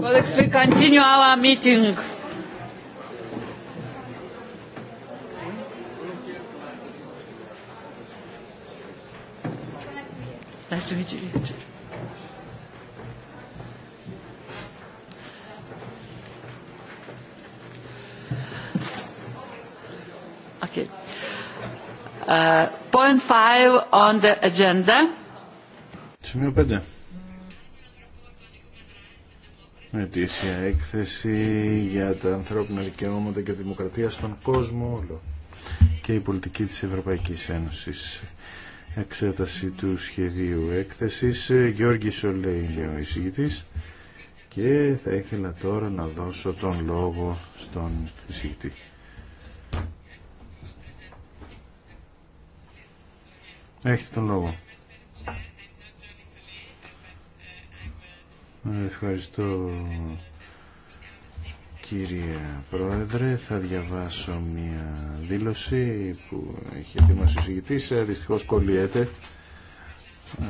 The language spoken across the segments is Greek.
Colleagues, we continue our meeting. Nice to meet Okay. point five on the agenda. Σημείο ετήσια έκθεση για τα ανθρώπινα δικαιώματα και δημοκρατία στον κόσμο όλο και η πολιτική της Ευρωπαϊκής Ένωσης. Εξέταση του σχεδίου έκθεσης. Γιώργη Σολέη ο εισηγητής και θα ήθελα τώρα να δώσω τον λόγο στον εισηγητή. Έχετε τον λόγο. Ευχαριστώ κύριε Πρόεδρε. Θα διαβάσω μια δήλωση που έχει ετοιμάσει ο συγητής. Ε, δυστυχώς κολλιέται. Ε,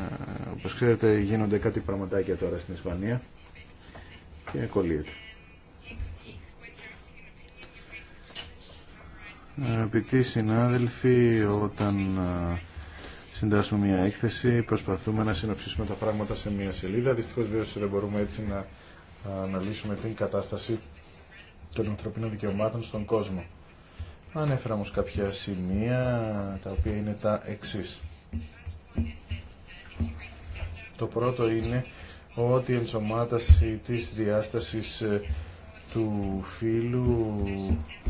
όπως ξέρετε γίνονται κάτι πραγματάκια τώρα στην Ισπανία και κολλιέται. Αγαπητοί συνάδελφοι, όταν ε, συντάσσουμε μια έκθεση, προσπαθούμε να συνοψίσουμε τα πράγματα σε μια σελίδα. Δυστυχώς βέβαια δεν μπορούμε έτσι να αναλύσουμε την κατάσταση των ανθρωπίνων δικαιωμάτων στον κόσμο. Ανέφερα όμως κάποια σημεία τα οποία είναι τα εξή. Το πρώτο είναι ότι η ενσωμάταση της διάστασης ε, του φύλου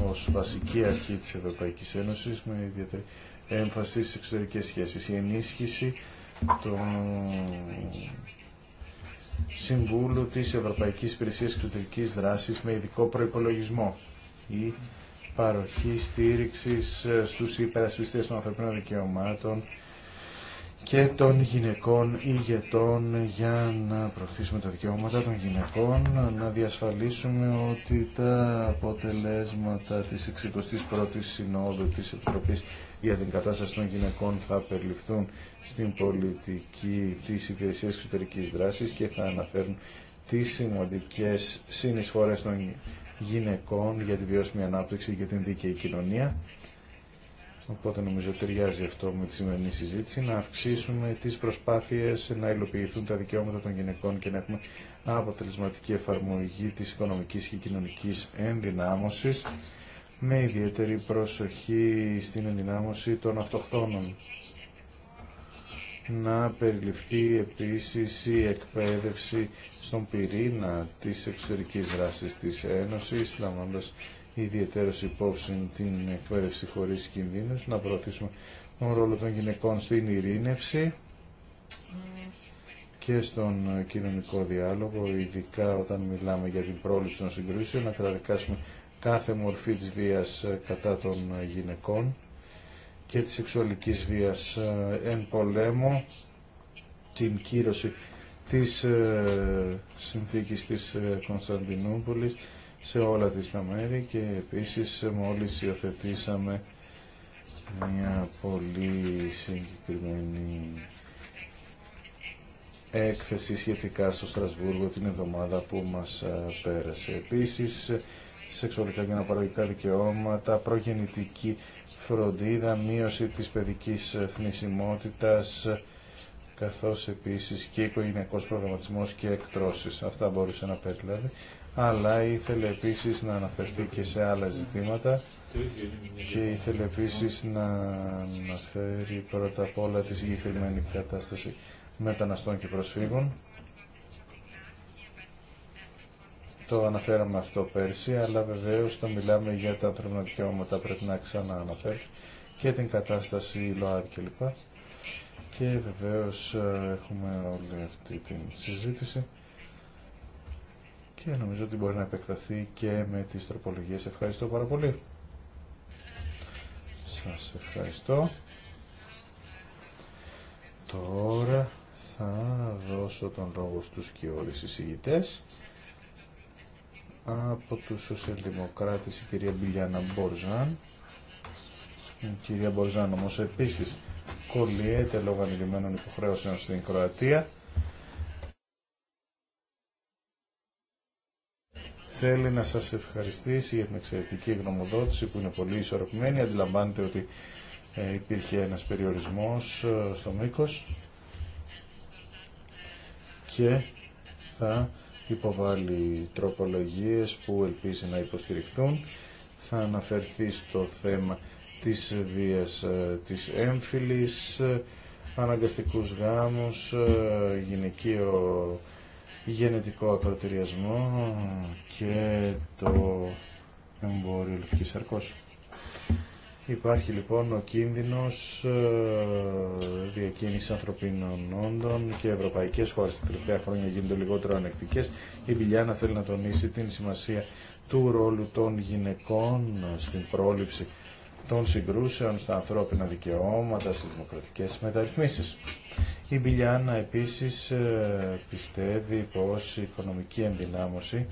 ως βασική αρχή της Ευρωπαϊκής Ένωσης με ιδιαίτερη έμφαση στις εξωτερικές σχέσεις. Η ενίσχυση του Συμβούλου της Ευρωπαϊκής Υπηρεσίας Εξωτερικής Δράσης με ειδικό προϋπολογισμό. Η παροχή στήριξης ε, στους υπερασπιστές των ανθρωπίνων δικαιωμάτων και των γυναικών ηγετών για να προωθήσουμε τα δικαιώματα των γυναικών, να διασφαλίσουμε ότι τα αποτελέσματα της 61ης Συνόδου της Επιτροπής για την κατάσταση των γυναικών θα περιληφθούν στην πολιτική της υπηρεσίας εξωτερικής δράσης και θα αναφέρουν τις σημαντικές συνεισφορές των γυναικών για τη βιώσιμη ανάπτυξη και την δίκαιη κοινωνία. Οπότε νομίζω ταιριάζει αυτό με τη σημερινή συζήτηση, να αυξήσουμε τις προσπάθειες να υλοποιηθούν τα δικαιώματα των γυναικών και να έχουμε αποτελεσματική εφαρμογή της οικονομικής και κοινωνικής ενδυνάμωσης με ιδιαίτερη προσοχή στην ενδυνάμωση των αυτοκτόνων. Να περιληφθεί επίσης η εκπαίδευση στον πυρήνα της εξωτερικής δράσης της Ένωσης, λαμβάνοντας ιδιαίτερος υπόψη την εκπαίδευση χωρίς κινδύνους, να προωθήσουμε τον ρόλο των γυναικών στην ειρήνευση και στον κοινωνικό διάλογο, ειδικά όταν μιλάμε για την πρόληψη των συγκρούσεων, να καταδικάσουμε κάθε μορφή της βίας ε, κατά των ε, γυναικών και της σεξουαλικής βίας ε, εν πολέμο, την κύρωση της συνθήκης της Κωνσταντινούπολης σε όλα τις τα μέρη και επίσης μόλις υιοθετήσαμε μια πολύ συγκεκριμένη έκθεση σχετικά στο Στρασβούργο την εβδομάδα που μας πέρασε. Επίσης σεξουαλικά και αναπαραγωγικά δικαιώματα, προγεννητική φροντίδα, μείωση της παιδικής θνησιμότητας, καθώς επίσης και οικογενειακός προγραμματισμός και εκτρώσεις. Αυτά μπορούσε να πει δηλαδή. Αλλά ήθελε επίσης να αναφερθεί και σε άλλα ζητήματα και ήθελε επίσης να αναφέρει πρώτα απ' όλα τη συγκεκριμένη κατάσταση μεταναστών και προσφύγων. Το αναφέραμε αυτό πέρσι, αλλά βεβαίω το μιλάμε για τα τρομοκιώματα, πρέπει να ξανααναφέρει και την κατάσταση ΛΟΑΡ κλπ. Και βεβαίω ε, έχουμε όλη αυτή την συζήτηση και νομίζω ότι μπορεί να επεκταθεί και με τις τροπολογίες. Ευχαριστώ πάρα πολύ. Σας ευχαριστώ. Τώρα θα δώσω τον λόγο στους και όλες από τους σοσιαλδημοκράτες η κυρία Μπιλιάνα Μπορζάν. Η κυρία Μπορζάν όμω επίση κολλιέται λόγω ανηλυμένων υποχρέωσεων στην Κροατία. Θέλει να σας ευχαριστήσει για την εξαιρετική γνωμοδότηση που είναι πολύ ισορροπημένη. Αντιλαμβάνεται ότι ε, υπήρχε ένας περιορισμός ε, στο μήκος και θα υποβάλει τροπολογίες που ελπίζει να υποστηριχθούν. Θα αναφερθεί στο θέμα της βίας ε, της έμφυλης, ε, αναγκαστικούς γάμους, ε, γυναικείο γενετικό ακροτηριασμό και το εμπόριο λευκής σαρκός. Υπάρχει λοιπόν ο κίνδυνος ε, διακίνηση ανθρωπίνων όντων και ευρωπαϊκές χώρες τα τελευταία χρόνια γίνονται λιγότερο ανεκτικές. Η Μπιλιάνα θέλει να τονίσει την σημασία του ρόλου των γυναικών στην πρόληψη των συγκρούσεων στα ανθρώπινα δικαιώματα, στις δημοκρατικές μεταρρυθμίσεις. Η Μπιλιάνα επίσης ε, πιστεύει πως η οικονομική ενδυνάμωση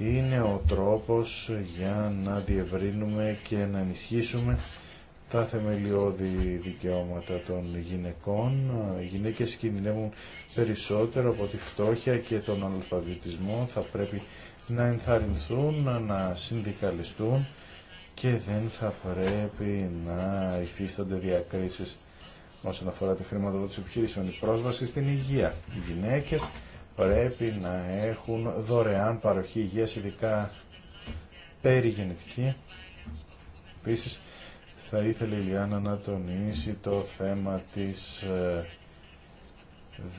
είναι ο τρόπος για να διευρύνουμε και να ενισχύσουμε τα θεμελιώδη δικαιώματα των γυναικών. Οι γυναίκες κινδυνεύουν περισσότερο από τη φτώχεια και τον αλφαβητισμό. Θα πρέπει να ενθαρρυνθούν, να συνδικαλιστούν και δεν θα πρέπει να υφίστανται διακρίσεις όσον αφορά τη χρηματοδότηση επιχειρήσεων. Η πρόσβαση στην υγεία. Οι γυναίκες πρέπει να έχουν δωρεάν παροχή υγείας, ειδικά περιγενετική. Επίση, θα ήθελε η Λιάννα να τονίσει το θέμα της ε,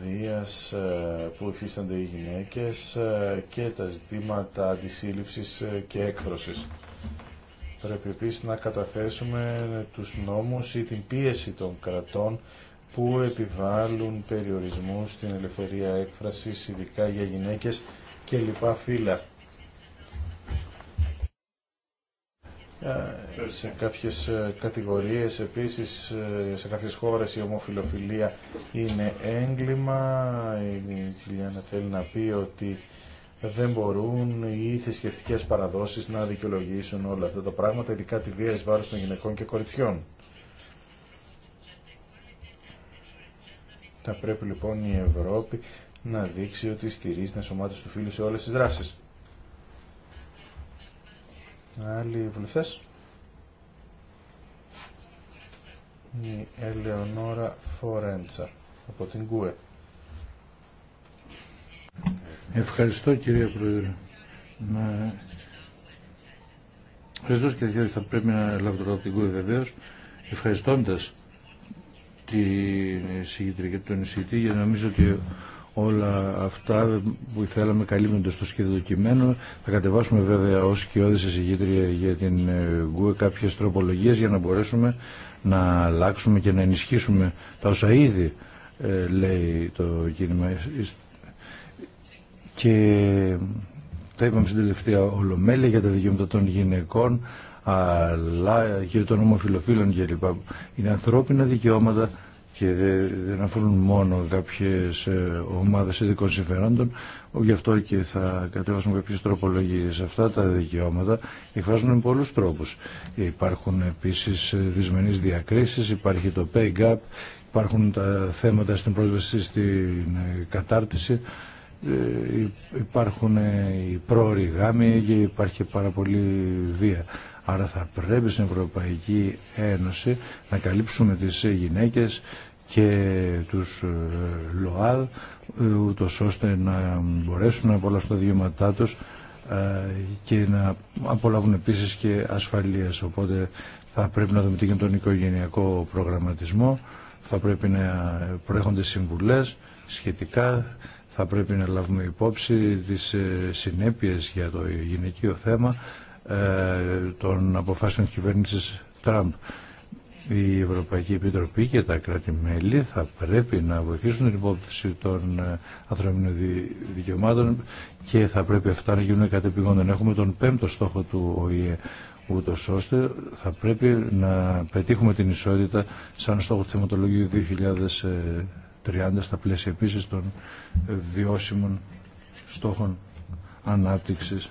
βίας ε, που υφίστανται οι γυναίκες ε, και τα ζητήματα αντισύλληψης και έκφρωσης. Πρέπει επίσης να καταθέσουμε τους νόμους ή την πίεση των κρατών που επιβάλλουν περιορισμούς στην ελευθερία έκφρασης, ειδικά για γυναίκες και λοιπά φύλλα. Ε, σε κάποιες ε, κατηγορίες επίσης, ε, σε κάποιες χώρες η ομοφιλοφιλία είναι έγκλημα. Η Χιλιάνα θέλει να πει ότι δεν μπορούν οι θρησκευτικέ παραδόσεις να δικαιολογήσουν όλα αυτά τα πράγματα, ειδικά τη βία εις βάρος των γυναικών και κοριτσιών. Θα πρέπει λοιπόν η Ευρώπη να δείξει ότι στηρίζει την ενσωμάτωση του φίλου σε όλες τις δράσεις. Άλλοι βουλευτές. Η Ελεονόρα Φορέντσα από την ΚΟΕ. Ευχαριστώ κυρία Πρόεδρε. Να... Ευχαριστώ και θα πρέπει να την ΚΟΕ βεβαίως, ευχαριστώντας την συγκεντρική και τον εισηγητή για νομίζω ότι όλα αυτά που θέλαμε καλύπτονται στο σχέδιο κειμένο. Θα κατεβάσουμε βέβαια ως κοιόδης συγκεντρία για την ΓΚΟΕ κάποιες τροπολογίες για να μπορέσουμε να αλλάξουμε και να ενισχύσουμε τα όσα ήδη ε, λέει το κίνημα. Και ε, τα είπαμε στην τελευταία ολομέλεια για τα δικαιώματα των γυναικών αλλά και των ομοφιλοφίλων κλπ. Είναι ανθρώπινα δικαιώματα και δεν αφορούν μόνο κάποιες ε, ομάδες ειδικών συμφερόντων, γι' αυτό και θα κατέβασουμε κάποιες τροπολογίες. Αυτά τα δικαιώματα εκφράζουν με πολλούς τρόπους. Υπάρχουν επίσης ε, δυσμενείς διακρίσεις, υπάρχει το pay gap, υπάρχουν τα θέματα στην πρόσβαση στην ε, κατάρτιση, υπάρχουν οι πρόοροι γάμοι και υπάρχει πάρα πολύ βία. Άρα θα πρέπει στην Ευρωπαϊκή Ένωση να καλύψουμε τις γυναίκες και τους ε, ΛΟΑΔ ε, ούτως ώστε να μπορέσουν να απολαύσουν τα δικαιώματά τους ε, και να απολαύουν επίσης και ασφαλείας. Οπότε θα πρέπει να δούμε τι γίνεται τον οικογενειακό προγραμματισμό, θα πρέπει να προέρχονται συμβουλές σχετικά, θα πρέπει να λάβουμε υπόψη τις συνέπειες για το γυναικείο θέμα ε, των αποφάσεων της κυβέρνησης Τραμπ. Η Ευρωπαϊκή Επιτροπή και τα κράτη-μέλη θα πρέπει να βοηθήσουν την υπόθεση των ε, ανθρωπίνων δικαιωμάτων και θα πρέπει αυτά να γίνουν κατεπηγόντων. Έχουμε τον πέμπτο στόχο του ΟΗΕ ούτω ώστε θα πρέπει να πετύχουμε την ισότητα σαν στόχο του θεματολογίου 2030 στα πλαίσια επίσης των ε, βιώσιμων στόχων ανάπτυξης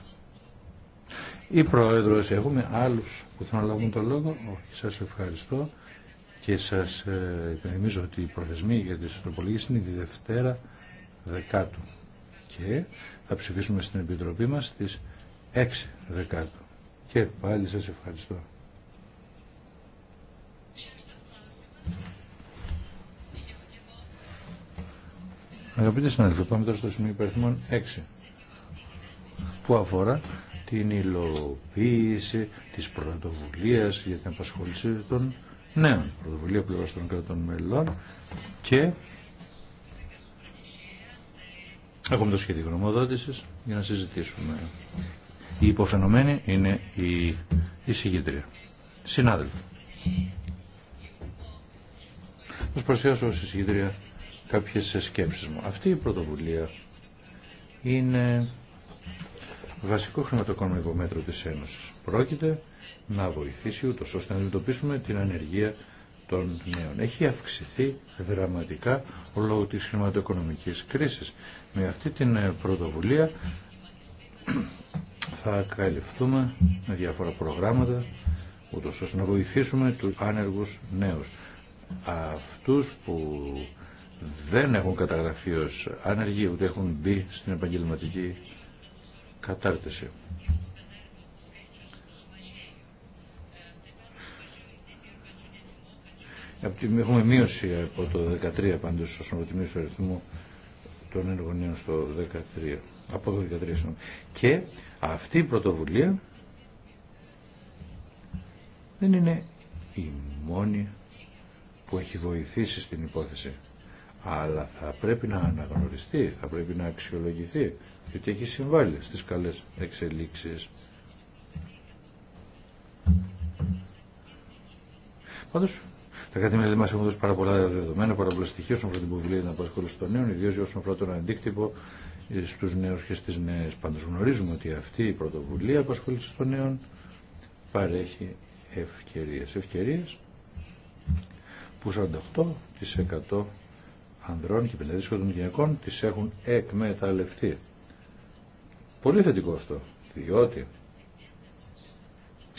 ή Πρόεδρος. Έχουμε άλλους που θέλουν να λάβουν το λόγο. Όχι, σας ευχαριστώ και σας ε, υπενθυμίζω ότι οι προθεσμοί για τι τροπολογίες είναι τη Δευτέρα Δεκάτου και θα ψηφίσουμε στην Επιτροπή μας στις 6 Δεκάτου. Και πάλι σας ευχαριστώ. Αγαπητοί συνάδελφοι, πάμε τώρα στο σημείο υπερθυμών 6 που αφορά την υλοποίηση της πρωτοβουλίας για την απασχόληση των νέων πρωτοβουλία πλευράς των κρατών μελών και έχουμε το σχέδιο γνωμοδότησης για να συζητήσουμε. Η υποφαινομένη είναι η συγκεντρία. Συνάδελφοι. Θα σας παρουσιάσω ως συγκεντρία κάποιες σκέψεις μου. Αυτή η πρωτοβουλία είναι βασικό χρηματοοικονομικό μέτρο της Ένωσης. Πρόκειται να βοηθήσει ούτω ώστε να αντιμετωπίσουμε την ανεργία των νέων. Έχει αυξηθεί δραματικά λόγω της χρηματοοικονομικής κρίσης. Με αυτή την ε, πρωτοβουλία θα καλυφθούμε με διάφορα προγράμματα ούτως ώστε να βοηθήσουμε τους άνεργους νέους. Αυτούς που δεν έχουν καταγραφεί ως άνεργοι ούτε έχουν μπει στην επαγγελματική κατάρτιση. Έχουμε μείωση από το 13 πάντως όσον αφορά τη αριθμού των εργωνίων στο 13. Από το 13 Και αυτή η πρωτοβουλία δεν είναι η μόνη που έχει βοηθήσει στην υπόθεση. Αλλά θα πρέπει να αναγνωριστεί, θα πρέπει να αξιολογηθεί γιατί έχει συμβάλει στις καλές εξελίξεις. Πάντω, τα καθημερινά μα έχουν δώσει πάρα πολλά δεδομένα, πάρα πολλά στοιχεία όσον αφορά την υποβουλία να απασχολήσει των νέων, ιδίω όσον αφορά τον αντίκτυπο στου νέου και στι νέε. Πάντω γνωρίζουμε ότι αυτή η πρωτοβουλία απασχόληση των νέων παρέχει ευκαιρίε. Ευκαιρίε που 48% ανδρών και πενταδίσκων των γυναικών τι έχουν εκμεταλλευτεί. Πολύ θετικό αυτό, διότι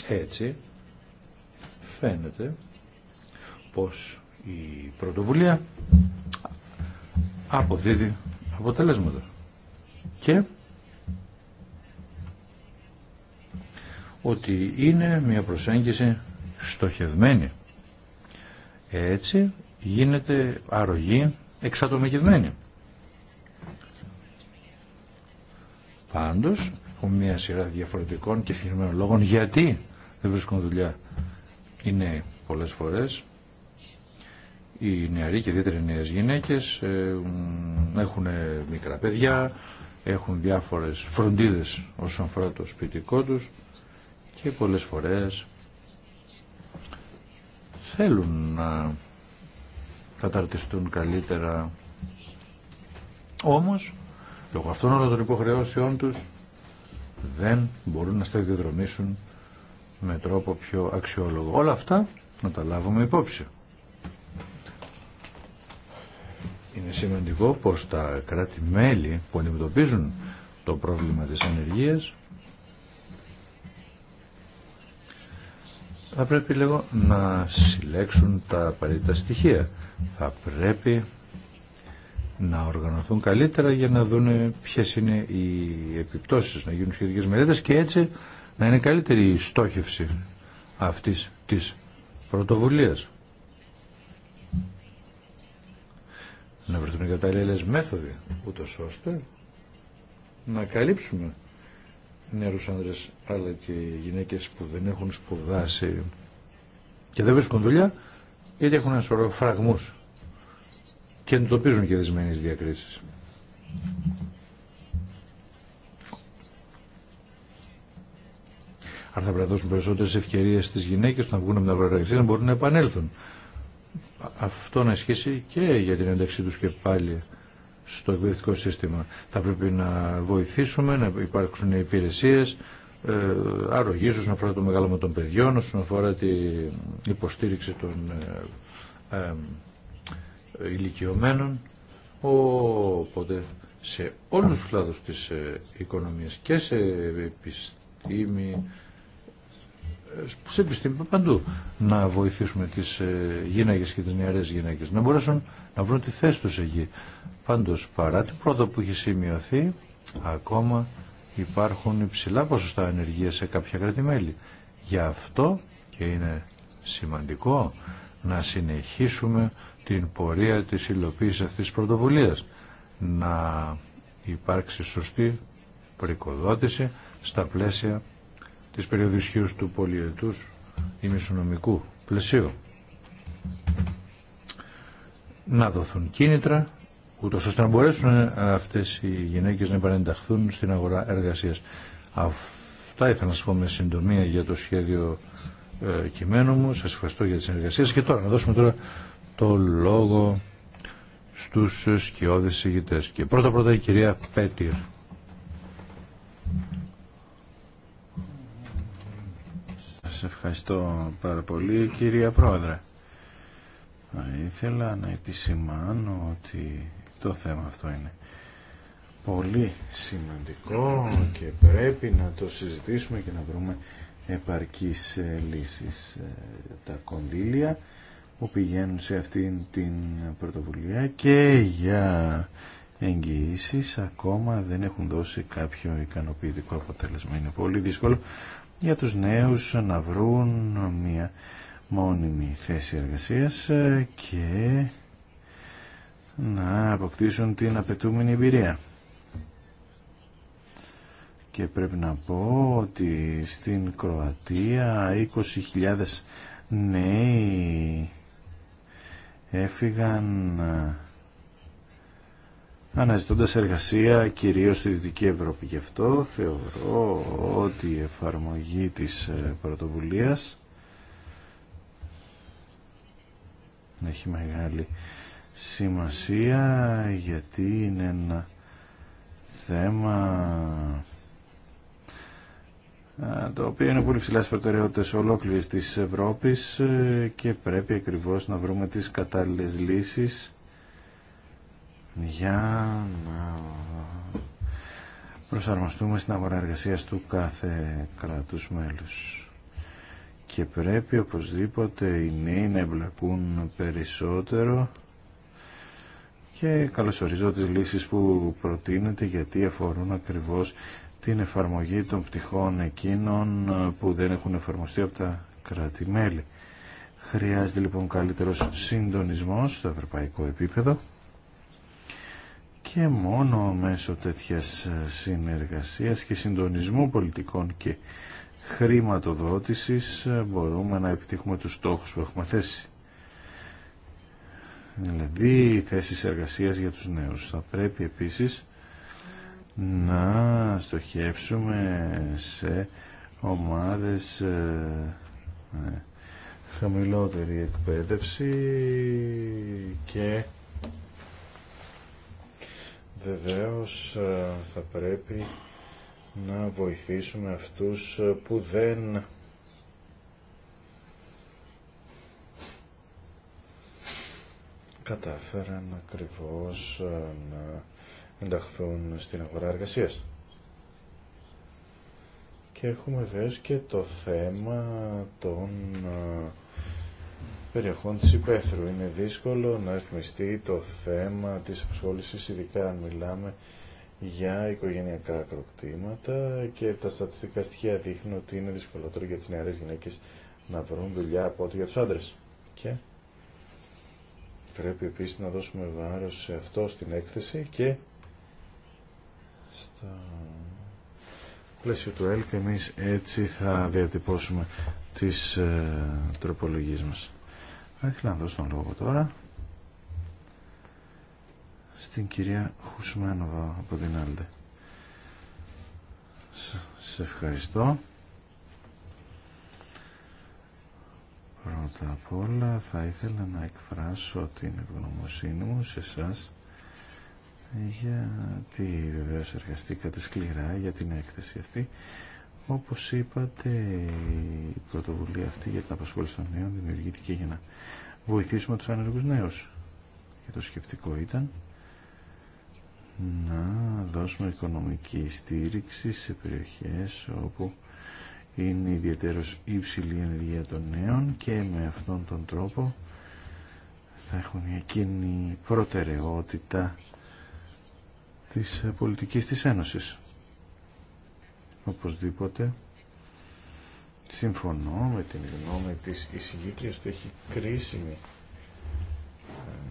έτσι φαίνεται πως η πρωτοβουλία αποδίδει αποτελέσματα και ότι είναι μια προσέγγιση στοχευμένη. Έτσι γίνεται αρρωγή εξατομικευμένη. Πάντως, έχουμε μια σειρά διαφορετικών και συγκεκριμένων λόγων γιατί δεν βρίσκουν δουλειά είναι πολλές φορές. Οι νεαροί και ιδιαίτερα οι νέες γυναίκες ε, έχουν μικρά παιδιά, έχουν διάφορες φροντίδες όσον αφορά το σπιτικό τους και πολλές φορές θέλουν να καταρτιστούν καλύτερα. Όμως Λόγω αυτών όλων των υποχρεώσεών τους δεν μπορούν να σταδιοδρομήσουν με τρόπο πιο αξιόλογο. Όλα αυτά να τα λάβουμε υπόψη. Είναι σημαντικό πως τα κράτη-μέλη που αντιμετωπίζουν το πρόβλημα της ανεργίας θα πρέπει λίγο να συλλέξουν τα απαραίτητα στοιχεία. Θα πρέπει να οργανωθούν καλύτερα για να δουν ποιε είναι οι επιπτώσεις, να γίνουν σχετικέ μελέτε και έτσι να είναι καλύτερη η στόχευση αυτή της πρωτοβουλία. Να βρεθούν οι κατάλληλες μέθοδοι, ούτω ώστε να καλύψουμε νεαρούς άνδρες αλλά και γυναίκες που δεν έχουν σπουδάσει και δεν βρίσκουν δουλειά γιατί έχουν ένα σωρό φραγμούς και εντοπίζουν και δεσμένες διακρίσεις. Αν θα πρέπει να δώσουν περισσότερες ευκαιρίες στις γυναίκες να βγουν από την αγροεργασία να μπορούν να επανέλθουν. Αυτό να ισχύσει και για την ένταξή τους και πάλι στο εκπαιδευτικό σύστημα. Θα πρέπει να βοηθήσουμε, να υπάρξουν υπηρεσίες, ε, αρρωγή όσον αφορά το μεγάλωμα των παιδιών, όσον αφορά την υποστήριξη των ε, ε ηλικιωμένων, οπότε σε όλους τους κλάδους της ε, οικονομίας και σε επιστήμη, ε, σε επιστήμη παντού, να βοηθήσουμε τις ε, γυναίκες και τις νεαρές γυναίκες να μπορέσουν να βρουν τη θέση τους εκεί. Πάντως παρά την πρώτα που έχει σημειωθεί, ακόμα υπάρχουν υψηλά ποσοστά ενεργεία σε κάποια κρατημέλη. Γι' αυτό και είναι σημαντικό να συνεχίσουμε την πορεία της υλοποίηση αυτής της πρωτοβουλίας. Να υπάρξει σωστή προοικοδότηση στα πλαίσια της περιοδισχύως του πολιετούς ημισονομικού πλαισίου. Να δοθούν κίνητρα, ούτω ώστε να μπορέσουν αυτές οι γυναίκες να επανενταχθούν στην αγορά εργασίας. Αυτά ήθελα να σας πω με συντομία για το σχέδιο ε, κειμένου μου. Σας ευχαριστώ για τις συνεργασίες και τώρα να δώσουμε τώρα το λόγο στους σκιώδες ηγητές. Και πρώτα πρώτα η κυρία Πέτυρ. Σας ευχαριστώ πάρα πολύ κυρία Πρόεδρε. Ήθελα να επισημάνω ότι το θέμα αυτό είναι πολύ σημαντικό και πρέπει να το συζητήσουμε και να βρούμε επαρκείς ε, λύσεις. Ε, τα κονδύλια που πηγαίνουν σε αυτήν την πρωτοβουλία και για εγγυήσεις ακόμα δεν έχουν δώσει κάποιο ικανοποιητικό αποτέλεσμα. Είναι πολύ δύσκολο για τους νέους να βρουν μια μόνιμη θέση εργασίας και να αποκτήσουν την απαιτούμενη εμπειρία. Και πρέπει να πω ότι στην Κροατία 20.000 νέοι έφυγαν ε, αναζητώντας εργασία κυρίως στη Δυτική Ευρώπη. Γι' αυτό θεωρώ ότι η εφαρμογή της ε, πρωτοβουλίας έχει μεγάλη σημασία γιατί είναι ένα θέμα το οποίο είναι πολύ ψηλά στις προτεραιότητες ολόκληρης της Ευρώπης ε, και πρέπει ακριβώ να βρούμε τις κατάλληλες λύσεις για να προσαρμοστούμε στην αγορά του κάθε κράτους μέλους. Και πρέπει οπωσδήποτε οι νέοι να εμπλακούν περισσότερο και καλωσορίζω τις λύσεις που προτείνεται γιατί αφορούν ακριβώς την εφαρμογή των πτυχών εκείνων ε, που δεν έχουν εφαρμοστεί από τα κράτη-μέλη. Χρειάζεται λοιπόν καλύτερος συντονισμός στο ευρωπαϊκό επίπεδο και μόνο μέσω τέτοιας ε, συνεργασίας και συντονισμού πολιτικών και χρηματοδότησης ε, μπορούμε να επιτύχουμε τους στόχους που έχουμε θέσει. Δηλαδή, οι θέσεις εργασίας για τους νέους. Θα πρέπει επίσης να στοχεύσουμε σε ομάδες ε, ναι, χαμηλότερη εκπαίδευση και βεβαίως ε, θα πρέπει να βοηθήσουμε αυτούς ε, που δεν κατάφεραν ακριβώς να ενταχθούν στην αγορά εργασίας. Και έχουμε βέβαια και το θέμα των περιοχών της υπαίθρου. Είναι δύσκολο να ρυθμιστεί το θέμα της απασχόλησης, ειδικά αν μιλάμε για οικογενειακά ακροκτήματα και τα στατιστικά στοιχεία δείχνουν ότι είναι δυσκολότερο για τις νεαρές γυναίκες να βρουν δουλειά από ό,τι για τους άντρες. Και πρέπει επίσης να δώσουμε βάρος σε αυτό στην έκθεση και στο πλαίσιο του και εμείς έτσι θα διατυπώσουμε τις ε, τροπολογίες μας. Θα ήθελα να δώσω τον λόγο τώρα στην κυρία Χουσμένοβα από την Άλντε. Σε ευχαριστώ. Πρώτα απ' όλα θα ήθελα να εκφράσω την ευγνωμοσύνη μου σε σας γιατί βεβαίως εργαστήκατε σκληρά για την έκθεση αυτή. Όπως είπατε, η πρωτοβουλία αυτή για την απασχόληση των νέων δημιουργήθηκε για να βοηθήσουμε τους ανεργούς νέους. Και το σκεπτικό ήταν να δώσουμε οικονομική στήριξη σε περιοχές όπου είναι ιδιαίτερος υψηλή η ενεργεία των νέων και με αυτόν τον τρόπο θα έχουν εκείνη προτεραιότητα της ε, πολιτικής της Ένωσης. Οπωσδήποτε συμφωνώ με την γνώμη της εισηγήτριας ότι έχει κρίσιμη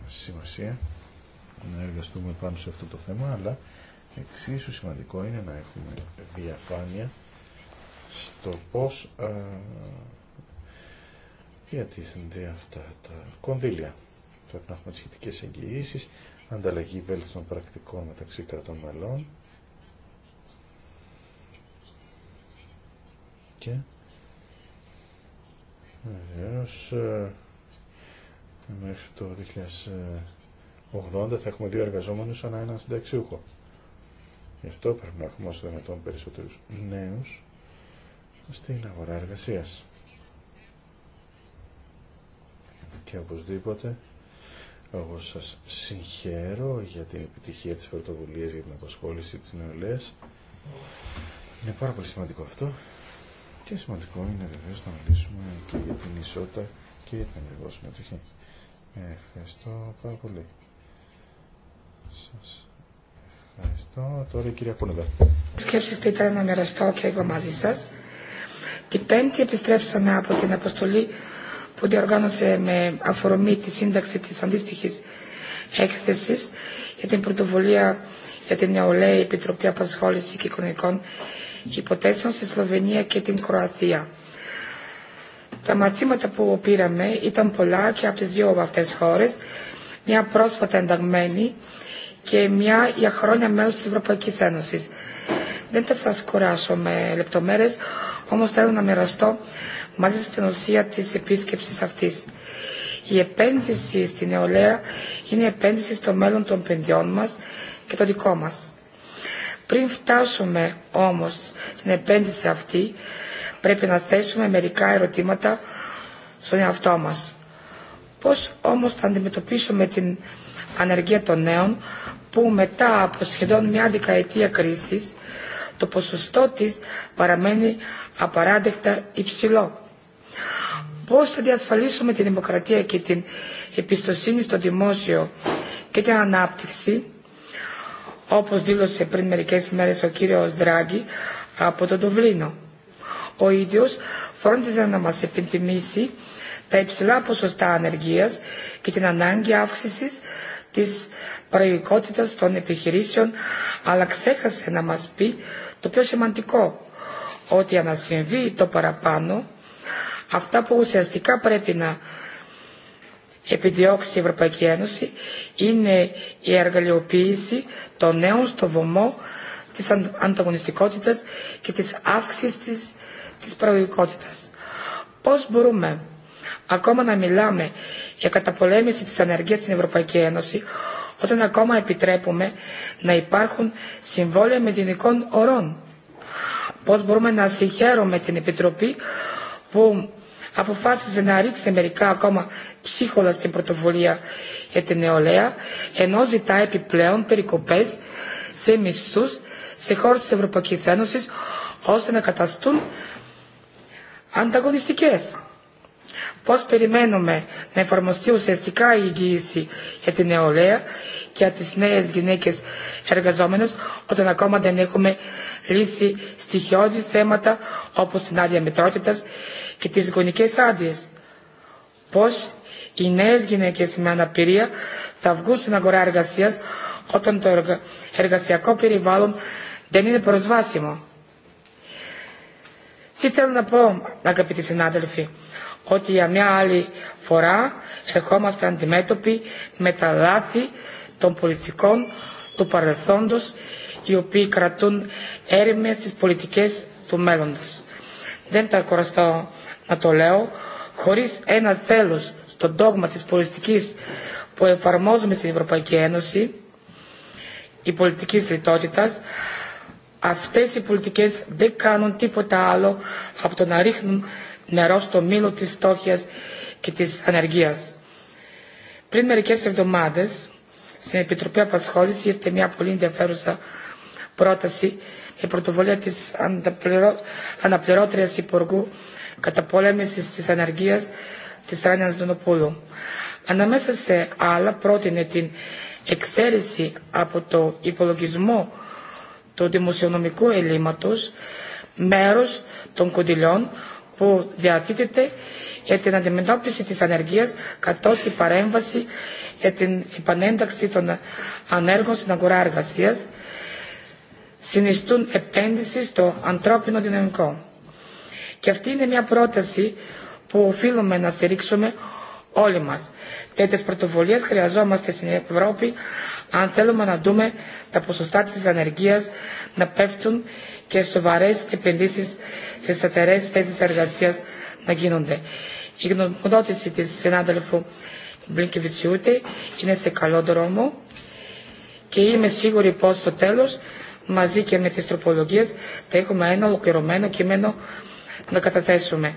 ε, σημασία να εργαστούμε πάνω σε αυτό το θέμα, αλλά εξίσου σημαντικό είναι να έχουμε διαφάνεια στο πώς α, ε, διατίθενται αυτά τα κονδύλια. Πρέπει να έχουμε τις σχετικές εγγυήσεις, ανταλλαγή βέλτιστων πρακτικών μεταξύ κρατών μελών και βεβαίως ε, μέχρι το 2080 θα έχουμε δύο εργαζόμενους ανά έναν συνταξιούχο. Γι' αυτό πρέπει να έχουμε όσο δυνατόν περισσότερους νέους στην αγορά εργασίας. Και οπωσδήποτε εγώ σας συγχαίρω για την επιτυχία της πρωτοβουλία για την απασχόληση της νεολαίας. Είναι πάρα πολύ σημαντικό αυτό και σημαντικό είναι βεβαίω να μιλήσουμε και για την ισότητα και για την ενεργό συμμετοχή. Ε, ευχαριστώ πάρα πολύ. Σας ευχαριστώ. Τώρα η κυρία Πούνεβα. Σκέψεις τι ήταν να μοιραστώ και εγώ μαζί σας. Την Πέμπτη επιστρέψαμε από την αποστολή που διοργάνωσε με αφορμή τη σύνταξη της αντίστοιχης έκθεσης για την πρωτοβουλία για την νεολαία Επιτροπή Απασχόληση και Οικονομικών Υποθέσεων στη Σλοβενία και την Κροατία. Τα μαθήματα που πήραμε ήταν πολλά και από τις δύο από αυτές χώρες, μια πρόσφατα ενταγμένη και μια για χρόνια μέλος της Ευρωπαϊκής Ένωσης. Δεν θα σας κουράσω με λεπτομέρειες, όμως θέλω να μοιραστώ μαζί στην ουσία τη επίσκεψη αυτής. Η επένδυση στην νεολαία είναι επένδυση στο μέλλον των παιδιών μα και το δικό μας. Πριν φτάσουμε όμως στην επένδυση αυτή, πρέπει να θέσουμε μερικά ερωτήματα στον εαυτό μας. Πώς όμως θα αντιμετωπίσουμε την ανεργία των νέων που μετά από σχεδόν μια δεκαετία κρίσης το ποσοστό της παραμένει απαράδεκτα υψηλό. Πώς θα διασφαλίσουμε τη δημοκρατία και την εμπιστοσύνη στο δημόσιο και την ανάπτυξη, όπως δήλωσε πριν μερικές μέρες ο κύριος Δράγκη από το Τουβλίνο. Ο ίδιος φρόντιζε να μας επιθυμίσει τα υψηλά ποσοστά ανεργίας και την ανάγκη αύξησης της παραγωγικότητας των επιχειρήσεων, αλλά ξέχασε να μας πει το πιο σημαντικό, ό,τι ανασυμβεί ή το παραπάνω, αυτά που ουσιαστικά πρέπει να επιδιώξει Ευρωπαϊκή Ένωση είναι η εργαλειοποίηση των νέων στο βωμό της ανταγωνιστικότητας και της αύξησης της, της προηγικότητας. Πώς μπορούμε ακόμα να μιλάμε για καταπολέμηση της ανεργίας στην Ευρωπαϊκή Ένωση όταν ακόμα επιτρέπουμε να υπάρχουν συμβόλαια δυνικών ορών πώς μπορούμε να συγχαίρουμε την Επιτροπή που αποφάσισε να ρίξει μερικά ακόμα ψύχολα στην πρωτοβουλία για την νεολαία, ενώ ζητά επιπλέον περικοπές σε μισθούς σε χώρες της Ευρωπαϊκής Ένωσης, ώστε να καταστούν ανταγωνιστικές πώς περιμένουμε να εφαρμοστεί ουσιαστικά η εγγύηση για την νεολαία και για τις νέες γυναίκες εργαζόμενες όταν ακόμα δεν έχουμε λύσει στοιχειώδη θέματα όπως την άδεια μητρότητας και τις γονικές άδειες. Πώς οι νέες γυναίκες με αναπηρία θα βγουν στην αγορά εργασίας όταν το εργασιακό περιβάλλον δεν είναι προσβάσιμο. Τι θέλω να πω, αγαπητοί συνάδελφοι, ότι για μια άλλη φορά ερχόμαστε αντιμέτωποι με τα λάθη των πολιτικών του παρελθόντος οι οποίοι κρατούν έρημες στις πολιτικές του μέλλοντος. Δεν τα κοραστώ να το λέω, χωρίς ένα θέλος στο ντόγμα της πολιτικής που εφαρμόζουμε στην Ευρωπαϊκή Ένωση, η πολιτική λιτότητα, αυτές οι πολιτικές δεν κάνουν τίποτα άλλο από το να ρίχνουν νερό στο μήλο της φτώχειας και της ανεργίας. Πριν μερικές εβδομάδες, στην Επιτροπή Απασχόληση ήρθε μια πολύ ενδιαφέρουσα πρόταση η πρωτοβολία της αναπληρώτριας Υπουργού πολέμησης της Αναργίας της Ράνιας Δονοπούλου. Ανάμεσα σε άλλα πρότεινε την εξαίρεση από το υπολογισμό του δημοσιονομικού ελλείμματος μέρος των κοντιλιών που διατίθεται για την αντιμετώπιση της ανεργίας καθώς η παρέμβαση για την επανένταξη των ανέργων στην αγορά εργασία συνιστούν επένδυση στο ανθρώπινο δυναμικό. Και αυτή είναι μια πρόταση που οφείλουμε να στηρίξουμε όλοι μας. Τέτοιες πρωτοβολίες χρειαζόμαστε στην Ευρώπη αν θέλουμε να δούμε τα ποσοστά της ανεργίας να πέφτουν και σοβαρές επενδύσεις σε σταθερές θέσεις εργασίας να γίνονται. Η γνωμοδότηση της συνάδελφου Μπλίνκεβιτσιούτη είναι σε καλό δρόμο και είμαι σίγουρη πως στο τέλος μαζί και με τις τροπολογίες θα έχουμε ένα ολοκληρωμένο κείμενο να καταθέσουμε.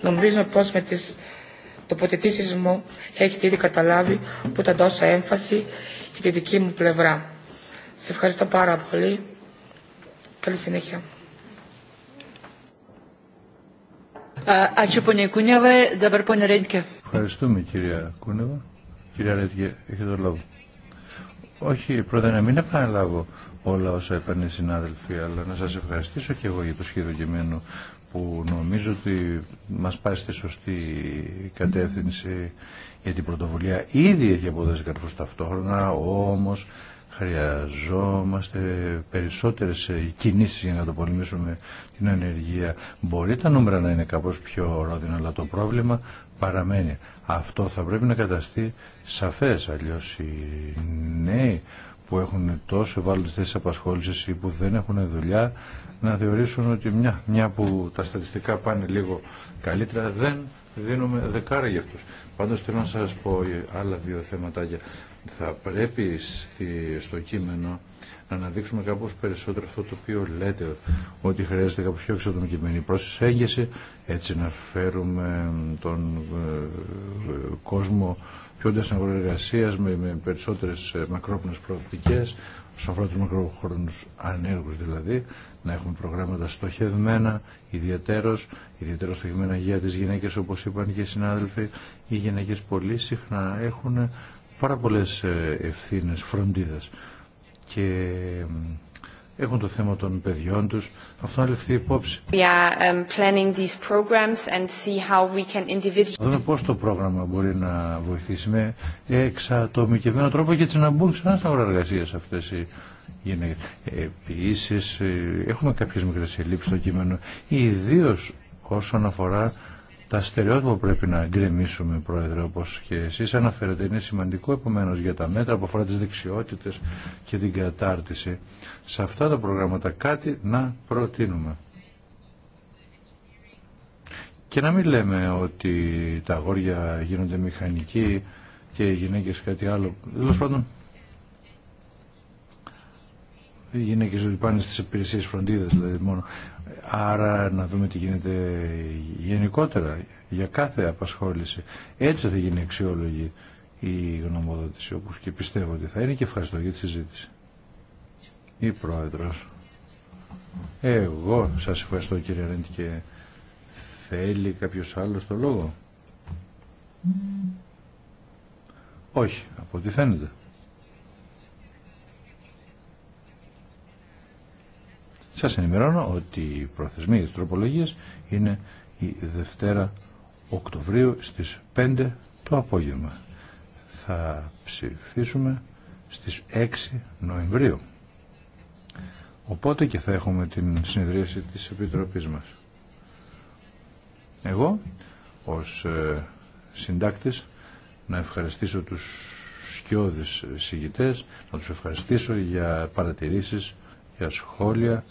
Νομίζω πως με τις τοποθετήσεις μου έχετε ήδη καταλάβει που θα δώσω έμφαση για τη δική μου πλευρά. Σε ευχαριστώ πάρα πολύ. Καλή συνέχεια. Ευχαριστούμε κυρία Κούνεβα. Κυρία Ρέτγε, έχετε το λόγο. Όχι, πρώτα να μην επαναλάβω όλα όσα είπαν οι συνάδελφοι, αλλά να σας ευχαριστήσω και εγώ για το σχέδιο κειμένου που νομίζω ότι μας πάει στη σωστή κατεύθυνση για την πρωτοβουλία. Ήδη έχει αποδώσει καρφούς ταυτόχρονα, όμως Χρειαζόμαστε περισσότερες ε, κινήσεις για να το πολεμήσουμε την ανεργία. Μπορεί τα νούμερα να είναι κάπως πιο ρόδινα, αλλά το πρόβλημα παραμένει. Αυτό θα πρέπει να καταστεί σαφές, αλλιώς οι νέοι που έχουν τόσο ευάλωτες θέσεις απασχόλησης ή που δεν έχουν δουλειά να θεωρήσουν ότι μια, μια που τα στατιστικά πάνε λίγο καλύτερα δεν δίνουμε δεκάρα για αυτούς. Πάντως θέλω να σας πω ε, άλλα δύο θέματάκια θα πρέπει στο κείμενο να αναδείξουμε κάπως περισσότερο αυτό το οποίο λέτε ότι χρειάζεται κάποιο πιο εξοδομικημένη προσέγγιση έτσι να φέρουμε τον ε, κόσμο πιο όντα με, περισσότερες περισσότερε προοπτικές προοπτικέ, όσον αφορά του μακρόχρονου ανέργου δηλαδή, να έχουμε προγράμματα στοχευμένα, ιδιαίτερος, ιδιαίτερο στοχευμένα για τις γυναίκες όπως είπαν και οι συνάδελφοι. Οι γυναίκες πολύ συχνά έχουν πάρα πολλές ε, ευθύνες φροντίδας και ε, έχουν το θέμα των παιδιών τους. Αυτό να ληφθεί υπόψη. We are um, planning these programs and see how we can individually... Θα δούμε πώς το πρόγραμμα μπορεί να βοηθήσει με εξατομικευμένο τρόπο και έτσι να μπουν ξανά στα ώρα αυτές οι γυναίκες. Επίσης, ε, έχουμε κάποιες μικρές ελλείψεις στο κείμενο, ιδίω όσον αφορά τα στερεότυπα που πρέπει να γκρεμίσουμε, Πρόεδρε, όπω και εσεί αναφέρετε, είναι σημαντικό επομένω για τα μέτρα που αφορά τι δεξιότητε και την κατάρτιση. Σε αυτά τα προγράμματα κάτι να προτείνουμε. Και να μην λέμε ότι τα αγόρια γίνονται μηχανικοί και οι γυναίκε κάτι άλλο. Τέλο πάντων, οι γυναίκε ότι πάνε στις υπηρεσίε φροντίδας δηλαδή μόνο. Άρα να δούμε τι γίνεται γενικότερα για κάθε απασχόληση. Έτσι θα γίνει αξιόλογη η γνωμοδότηση όπως και πιστεύω ότι θα είναι και ευχαριστώ για τη συζήτηση. Η Πρόεδρος. Εγώ σας ευχαριστώ κύριε Ρέντ και θέλει κάποιο άλλο το λόγο. Mm. Όχι, από ό,τι φαίνεται. Σα ενημερώνω ότι οι προθεσμοί της τροπολογίας είναι η Δευτέρα Οκτωβρίου στις 5 το απόγευμα. Θα ψηφίσουμε στις 6 Νοεμβρίου. Οπότε και θα έχουμε την συνεδρίαση της Επιτροπής μας. Εγώ, ως ε, συντάκτης, να ευχαριστήσω τους σκιώδεις συγητές, να τους ευχαριστήσω για παρατηρήσεις, για σχόλια,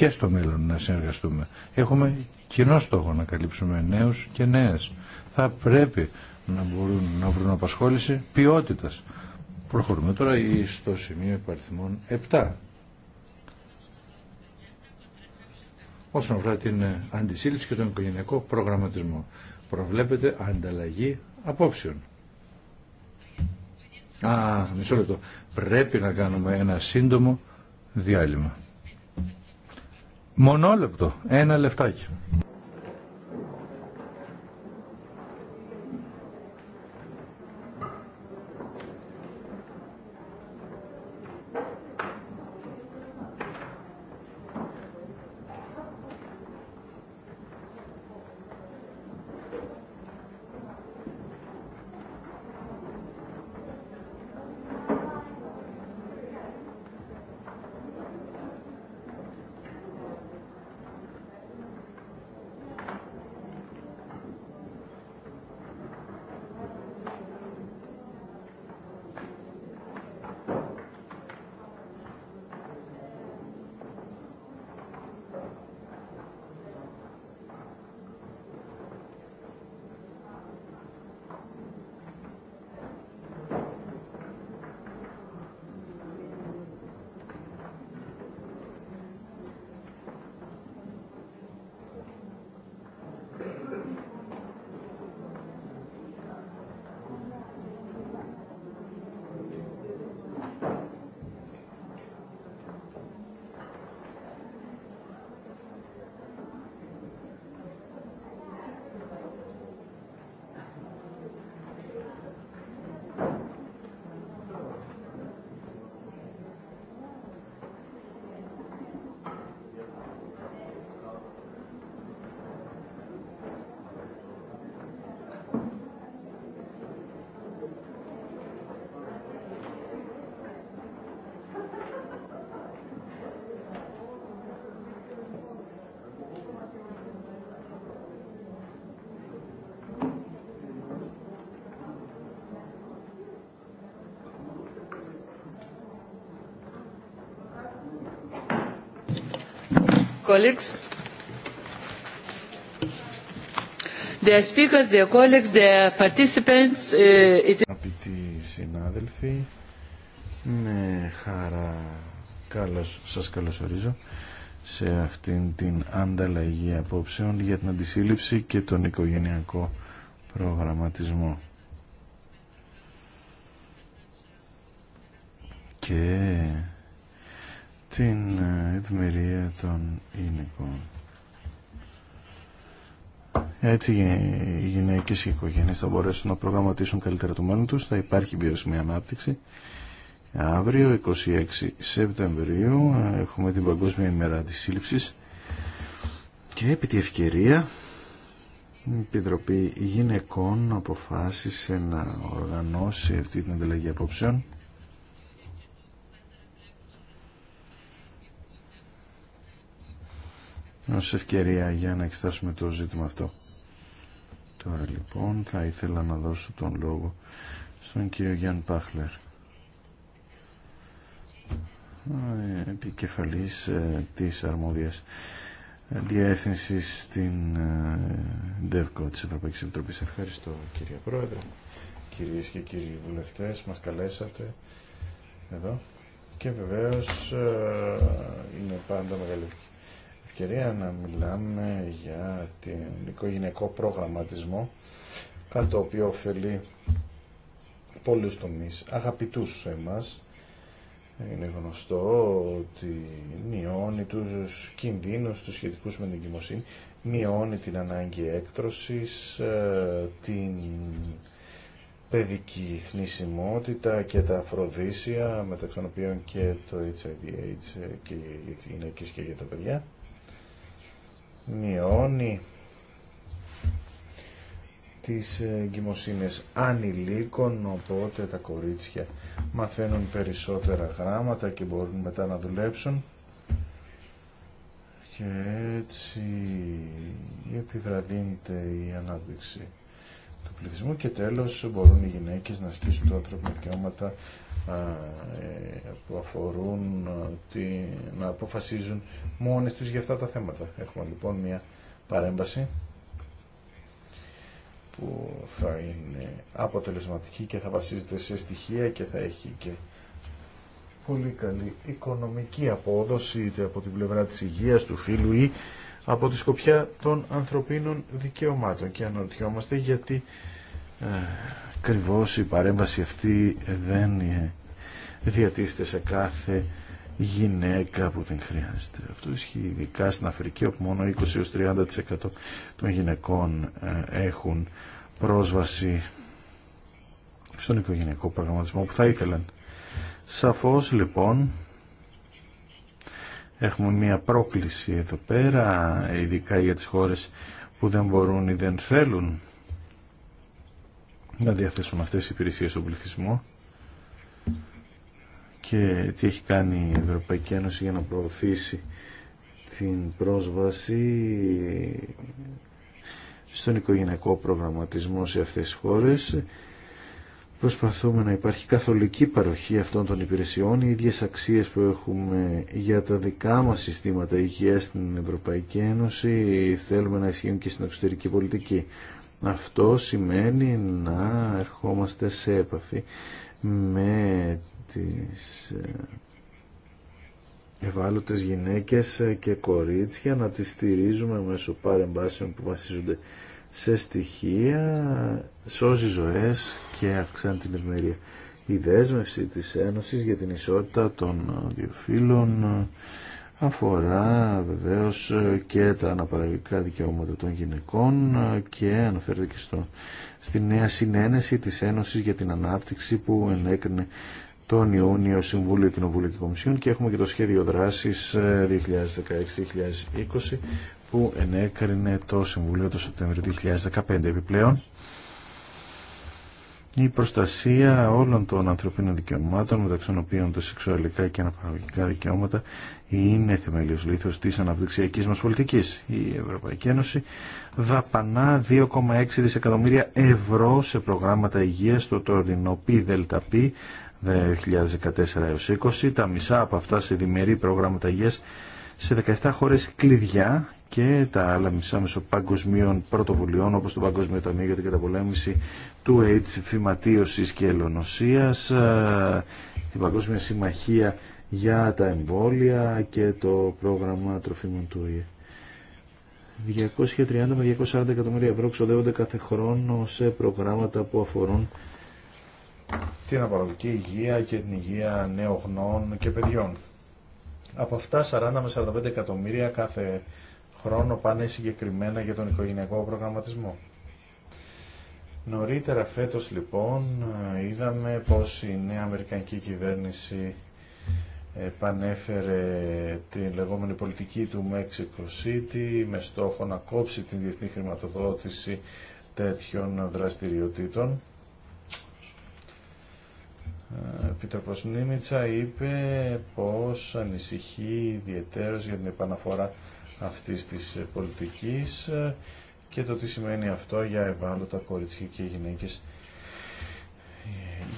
και στο μέλλον να συνεργαστούμε. Έχουμε κοινό στόχο να καλύψουμε νέους και νέες. Θα πρέπει να μπορούν να βρουν απασχόληση ποιότητας. Προχωρούμε τώρα στο σημείο υπαριθμών 7. Όσον αφορά την ε, αντισύλληψη και τον οικογενειακό προγραμματισμό, προβλέπεται ανταλλαγή απόψεων. Α, μισό λεπτό. Πρέπει να κάνουμε ένα σύντομο διάλειμμα. Μονόλεπτο. Ένα λεφτάκι. colleagues, uh, Αγαπητοί συνάδελφοι, με χαρά καλώς, σας καλωσορίζω σε αυτήν την ανταλλαγή απόψεων για την αντισύλληψη και τον οικογενειακό προγραμματισμό. Και την ε, ευημερία των γυναικών. Έτσι οι γυναίκε και οι οικογένειε θα μπορέσουν να προγραμματίσουν καλύτερα το μέλλον του, θα υπάρχει βιώσιμη ανάπτυξη. Αύριο, 26 Σεπτεμβρίου, έχουμε την Παγκόσμια ημέρα της σύλληψης και επί τη ευκαιρία η Επιτροπή Γυναικών αποφάσισε να οργανώσει αυτή την ανταλλαγή απόψεων ως ευκαιρία για να εξετάσουμε το ζήτημα αυτό. Τώρα λοιπόν θα ήθελα να δώσω τον λόγο στον κύριο Γιάνν Πάχλερ επικεφαλής ε, της αρμόδιας διεύθυνσης στην ε, ΔΕΒΚΟ της Ευρωπαϊκής Επιτροπής. Ευχαριστώ κύριε Πρόεδρε, κυρίες και κύριοι βουλευτές, μας καλέσατε εδώ και βεβαίως ε, είναι πάντα μεγάλη ευκαιρία να μιλάμε για την οικογενειακό προγραμματισμό, κάτι το οποίο ωφελεί πολλούς τομείς αγαπητούς εμάς. Είναι γνωστό ότι μειώνει τους κινδύνους, τους σχετικούς με την κοιμοσύνη, μειώνει την ανάγκη έκτρωσης, ε, την παιδική θνησιμότητα και τα αφροδίσια μεταξύ των οποίων και το HIV-AIDS ε, και για και για τα παιδιά μειώνει τις ε, εγκυμοσύνες ανηλίκων οπότε τα κορίτσια μαθαίνουν περισσότερα γράμματα και μπορούν μετά να δουλέψουν και έτσι επιβραδύνεται η ανάπτυξη του πληθυσμού και τέλος μπορούν οι γυναίκες να ασκήσουν τα ανθρώπινα δικαιώματα ε, που αφορούν τι να αποφασίζουν μόνες τους για αυτά τα θέματα. Έχουμε λοιπόν μια παρέμβαση που θα είναι αποτελεσματική και θα βασίζεται σε στοιχεία και θα έχει και πολύ καλή οικονομική απόδοση είτε από την πλευρά της υγείας, του φίλου ή από τη σκοπιά των ανθρωπίνων δικαιωμάτων και αναρωτιόμαστε γιατί ε, Ακριβώ η παρέμβαση αυτή δεν διατίθεται σε κάθε γυναίκα που την χρειάζεται. Αυτό ισχύει ειδικά στην Αφρική όπου μόνο 20-30% των γυναικών ε, έχουν πρόσβαση στον οικογενειακό προγραμματισμό που θα ήθελαν. Σαφώς λοιπόν έχουμε μια πρόκληση εδώ πέρα ειδικά για τις χώρες που δεν μπορούν ή δεν θέλουν να διαθέσουν αυτές οι υπηρεσίες στον πληθυσμό και τι έχει κάνει η Ευρωπαϊκή Ένωση για να προωθήσει την πρόσβαση στον οικογενειακό προγραμματισμό σε αυτές τις χώρες. Προσπαθούμε να υπάρχει καθολική παροχή αυτών των υπηρεσιών, οι ίδιες αξίες που έχουμε για τα δικά μας συστήματα υγείας στην Ευρωπαϊκή Ένωση θέλουμε να ισχύουν και στην εξωτερική πολιτική. Αυτό σημαίνει να ερχόμαστε σε επαφή με τις ε, ευάλωτες γυναίκες και κορίτσια, να τις στηρίζουμε μέσω παρεμβάσεων που βασίζονται σε στοιχεία, σώζει ζωές και αυξάνει την ευμερία. Η δέσμευση της Ένωσης για την ισότητα των δύο αφορά βεβαίως ε, και τα αναπαραγωγικά δικαιώματα των γυναικών ε, και αναφέρεται και στο, στη νέα συνένεση της Ένωσης για την Ανάπτυξη που ενέκρινε τον Ιούνιο Συμβούλιο Κοινοβούλιο και Κομισιόν και έχουμε και το σχέδιο δράσης 2016-2020 ε, που ενέκρινε το Συμβούλιο το Σεπτέμβριο 2015 επιπλέον η προστασία όλων των ανθρωπίνων δικαιωμάτων, μεταξύ των οποίων τα σεξουαλικά και αναπαραγωγικά δικαιώματα, είναι θεμελίως λήθος της αναπτυξιακής μας πολιτικής. Η Ευρωπαϊκή Ένωση δαπανά 2,6 δισεκατομμύρια ευρώ σε προγράμματα υγείας στο τωρινό ΠΔΠ 2014 2020 τα μισά από αυτά σε διμερεί προγράμματα υγείας σε 17 χώρες κλειδιά και τα άλλα μισά μέσω παγκοσμίων πρωτοβουλειών όπως το Παγκόσμιο Ταμείο για την Καταπολέμηση του AIDS, φυματίωσης και ελονοσίας, ε, την Παγκόσμια Συμμαχία για τα εμβόλια και το πρόγραμμα τροφίμων του ΙΕ. 230 με 240 εκατομμύρια ευρώ ξοδεύονται κάθε χρόνο σε προγράμματα που αφορούν την απαραγωγική υγεία και την υγεία νεογνών και παιδιών. Από αυτά 40 με 45 εκατομμύρια κάθε χρόνο πάνε συγκεκριμένα για τον οικογενειακό προγραμματισμό. Νωρίτερα φέτος λοιπόν ε, είδαμε πως η νέα Αμερικανική κυβέρνηση επανέφερε τη λεγόμενη πολιτική του Mexico City με στόχο να κόψει την διεθνή χρηματοδότηση τέτοιων δραστηριοτήτων. Επίτροπος Νίμιτσα είπε πως ανησυχεί ιδιαιτέρως για την επαναφορά αυτής της πολιτικής και το τι σημαίνει αυτό για ευάλωτα κορίτσια και γυναίκες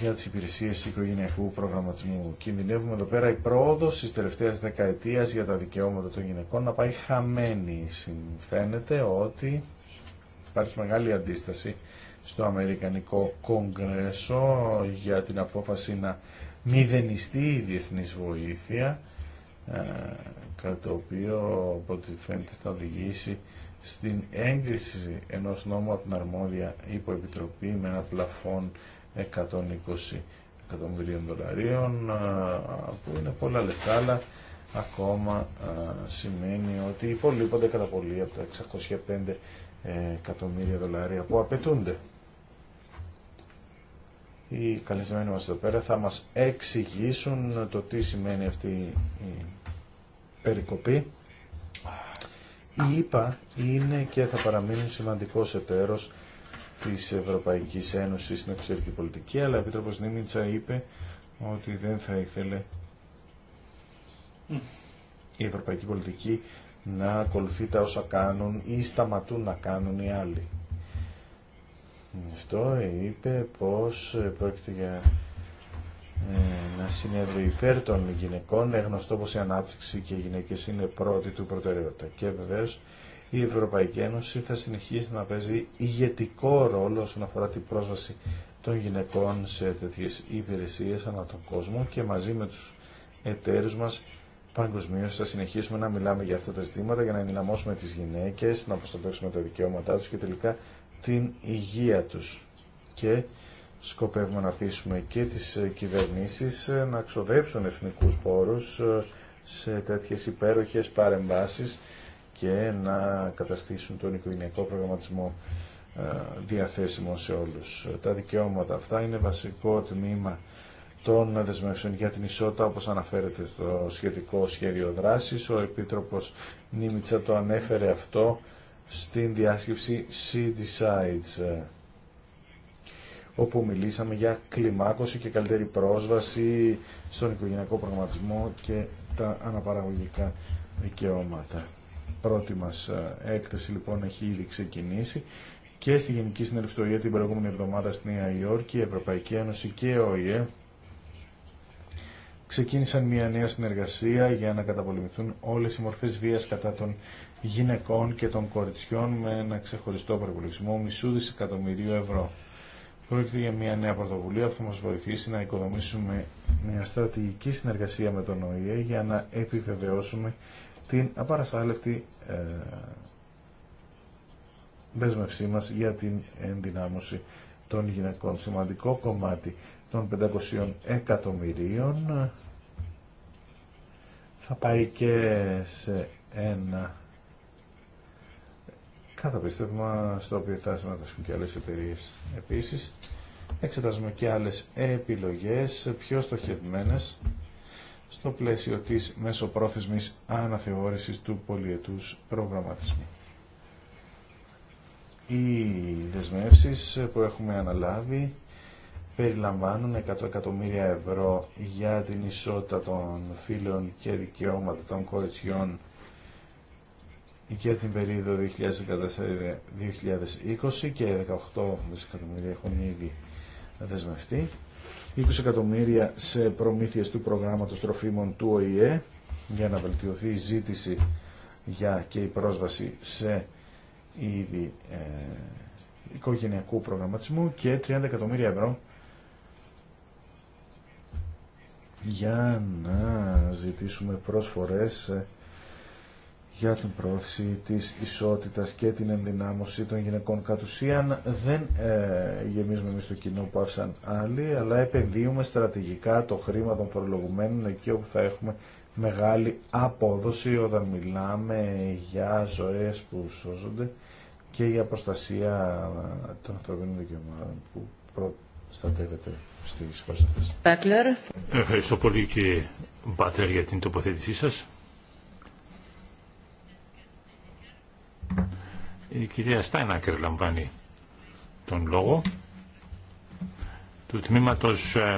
για τις υπηρεσίες οικογενειακού προγραμματισμού. Κινδυνεύουμε εδώ πέρα η πρόοδος της τελευταίας δεκαετίας για τα δικαιώματα των γυναικών να πάει χαμένη. Φαίνεται ότι υπάρχει μεγάλη αντίσταση στο Αμερικανικό Κογκρέσο για την απόφαση να μηδενιστεί η διεθνής βοήθεια, ε, κατά το οποίο από ό,τι φαίνεται θα οδηγήσει στην έγκριση ενός νόμου από την αρμόδια υποεπιτροπή με ένα πλαφόν 120 εκατομμυρίων δολαρίων που είναι πολλά λεφτά αλλά ακόμα σημαίνει ότι υπολείπονται κατά πολύ από τα 605 ε, εκατομμύρια δολάρια που απαιτούνται. Οι καλεσμένοι μας εδώ πέρα θα μας εξηγήσουν το τι σημαίνει αυτή η περικοπή η ΕΠΑ είναι και θα παραμείνει σημαντικός εταίρος της Ευρωπαϊκής Ένωσης στην εξωτερική πολιτική, αλλά ο Επίτροπος Νίμιτσα είπε ότι δεν θα ήθελε η ευρωπαϊκή πολιτική να ακολουθεί τα όσα κάνουν ή σταματούν να κάνουν οι άλλοι. Αυτό είπε πως πρόκειται για ε, να συνέδριο υπέρ των γυναικών. Είναι γνωστό πως η ανάπτυξη και οι γυναίκες είναι πρώτη του προτεραιότητα. Και βεβαίω η Ευρωπαϊκή Ένωση θα συνεχίσει να παίζει ηγετικό ρόλο όσον αφορά την πρόσβαση των γυναικών σε τέτοιες υπηρεσίες ανά τον κόσμο και μαζί με τους εταίρους μας Παγκοσμίω θα συνεχίσουμε να μιλάμε για αυτά τα ζητήματα για να ενδυναμώσουμε τις γυναίκες, να προστατεύσουμε τα δικαιώματά τους και τελικά την υγεία τους. Και σκοπεύουμε να πείσουμε και τις κυβερνήσεις να ξοδέψουν εθνικούς πόρους ε, σε τέτοιες υπέροχες παρεμβάσεις και να καταστήσουν τον οικογενειακό προγραμματισμό ε, διαθέσιμο σε όλους. Τα δικαιώματα αυτά είναι βασικό τμήμα των δεσμεύσεων για την ισότητα, όπως αναφέρεται στο σχετικό σχέδιο δράσης. Ο Επίτροπος Νίμιτσα το ανέφερε αυτό στην διάσκεψη c Decides όπου μιλήσαμε για κλιμάκωση και καλύτερη πρόσβαση στον οικογενειακό προγραμματισμό και τα αναπαραγωγικά δικαιώματα. Πρώτη μας ε, έκθεση λοιπόν έχει ήδη ξεκινήσει και στη Γενική Συνέλευση του ΟΗΕ την προηγούμενη εβδομάδα στη Νέα Υόρκη, η Ευρωπαϊκή Ένωση και ο ΟΗΕ ξεκίνησαν μια νέα συνεργασία για να καταπολεμηθούν όλες οι μορφές βίας κατά των γυναικών και των κοριτσιών με ένα ξεχωριστό προπολογισμό μισού δισεκατομμυρίου ευρώ. Πρόκειται για μια νέα πρωτοβουλία που θα μας βοηθήσει να οικοδομήσουμε μια στρατηγική συνεργασία με τον ΟΗΕ για να επιβεβαιώσουμε την απαρασάλευτη ε, δέσμευσή μας για την ενδυνάμωση των γυναικών. Σημαντικό κομμάτι των 500 εκατομμυρίων θα πάει και σε ένα πιστεύουμε, στο οποίο θα συμμετάσχουν και άλλες εταιρείε. Επίσης, εξετάζουμε και άλλες επιλογές πιο στοχευμένες στο πλαίσιο της μεσοπρόθεσμης αναθεώρησης του πολιετούς προγραμματισμού. Οι δεσμεύσεις που έχουμε αναλάβει περιλαμβάνουν 100 εκατομμύρια ευρώ για την ισότητα των φίλων και δικαιώματα των κοριτσιών για την περίοδο 2014-2020 και 18 δισεκατομμύρια έχουν ήδη δεσμευτεί. 20 εκατομμύρια σε προμήθειες του προγράμματος τροφίμων του ΟΗΕ για να βελτιωθεί η ζήτηση για και η πρόσβαση σε είδη ε, οικογενειακού προγραμματισμού και 30 εκατομμύρια ευρώ για να ζητήσουμε πρόσφορες ε, για την πρόθεση της ισότητας και την ενδυνάμωση των γυναικών. Κατ' ουσίαν δεν ε, γεμίζουμε εμείς το κοινό που άφησαν άλλοι, αλλά επενδύουμε στρατηγικά το χρήμα των προλογουμένων εκεί όπου θα έχουμε μεγάλη απόδοση όταν μιλάμε για ζωές που σώζονται και για προστασία των ανθρωπίνων δικαιωμάτων που προστατεύεται στις χώρες αυτές. Ευχαριστώ πολύ κύριε Μπάτλερ για την τοποθέτησή σας. Η κυρία Στάινακερ λαμβάνει τον λόγο του τμήματος ε,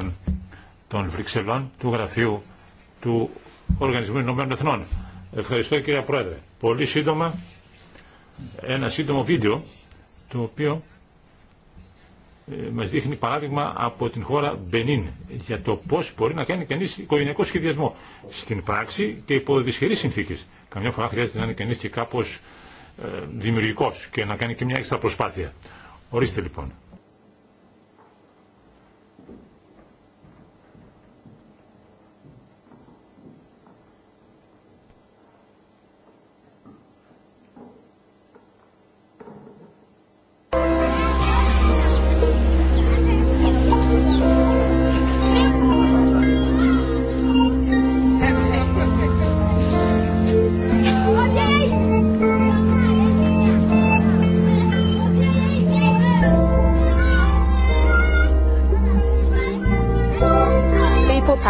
των Βρυξελών του Γραφείου του Οργανισμού Ηνωμένων Εθνών. Ευχαριστώ κυρία Πρόεδρε. Πολύ σύντομα ένα σύντομο βίντεο το οποίο ε, μας δείχνει παράδειγμα από την χώρα Μπενίν για το πώς μπορεί να κάνει κανείς οικογενειακό σχεδιασμό στην πράξη και υπό δυσχερείς συνθήκες. Καμιά φορά χρειάζεται να είναι κανείς και κάπως δημιουργικός και να κάνει και μια έξτρα προσπάθεια. Ορίστε λοιπόν.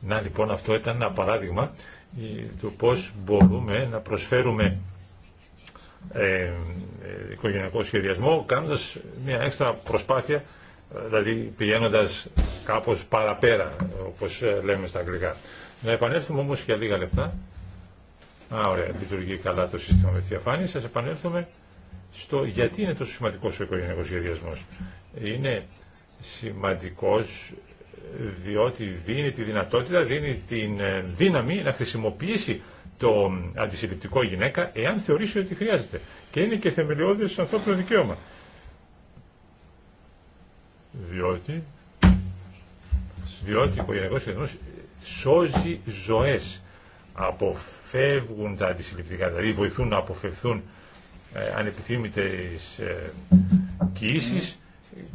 Να λοιπόν αυτό ήταν ένα παράδειγμα ε, του πώς μπορούμε να προσφέρουμε ε, ε, οικογενειακό σχεδιασμό κάνοντας μια έξτρα προσπάθεια ε, δηλαδή πηγαίνοντας κάπως παραπέρα όπως λέμε στα αγγλικά. Να επανέλθουμε όμως για λίγα λεπτά. Α, ωραία, λειτουργεί καλά το σύστημα με τη διαφάνεια. Σας επανέλθουμε στο γιατί είναι τόσο σημαντικός ο οικογενειακός σχεδιασμός. Είναι σημαντικός διότι δίνει τη δυνατότητα, δίνει την ε, δύναμη να χρησιμοποιήσει το αντισυλληπτικό γυναίκα εάν θεωρήσει ότι χρειάζεται. Και είναι και στο ανθρώπινο δικαίωμα. Διότι, διότι ο οικογενειακός σχεδιασμός σώζει ζωές. Αποφεύγουν τα αντισυλληπτικά, δηλαδή βοηθούν να αποφευθούν ε, ανεπιθύμητες ε,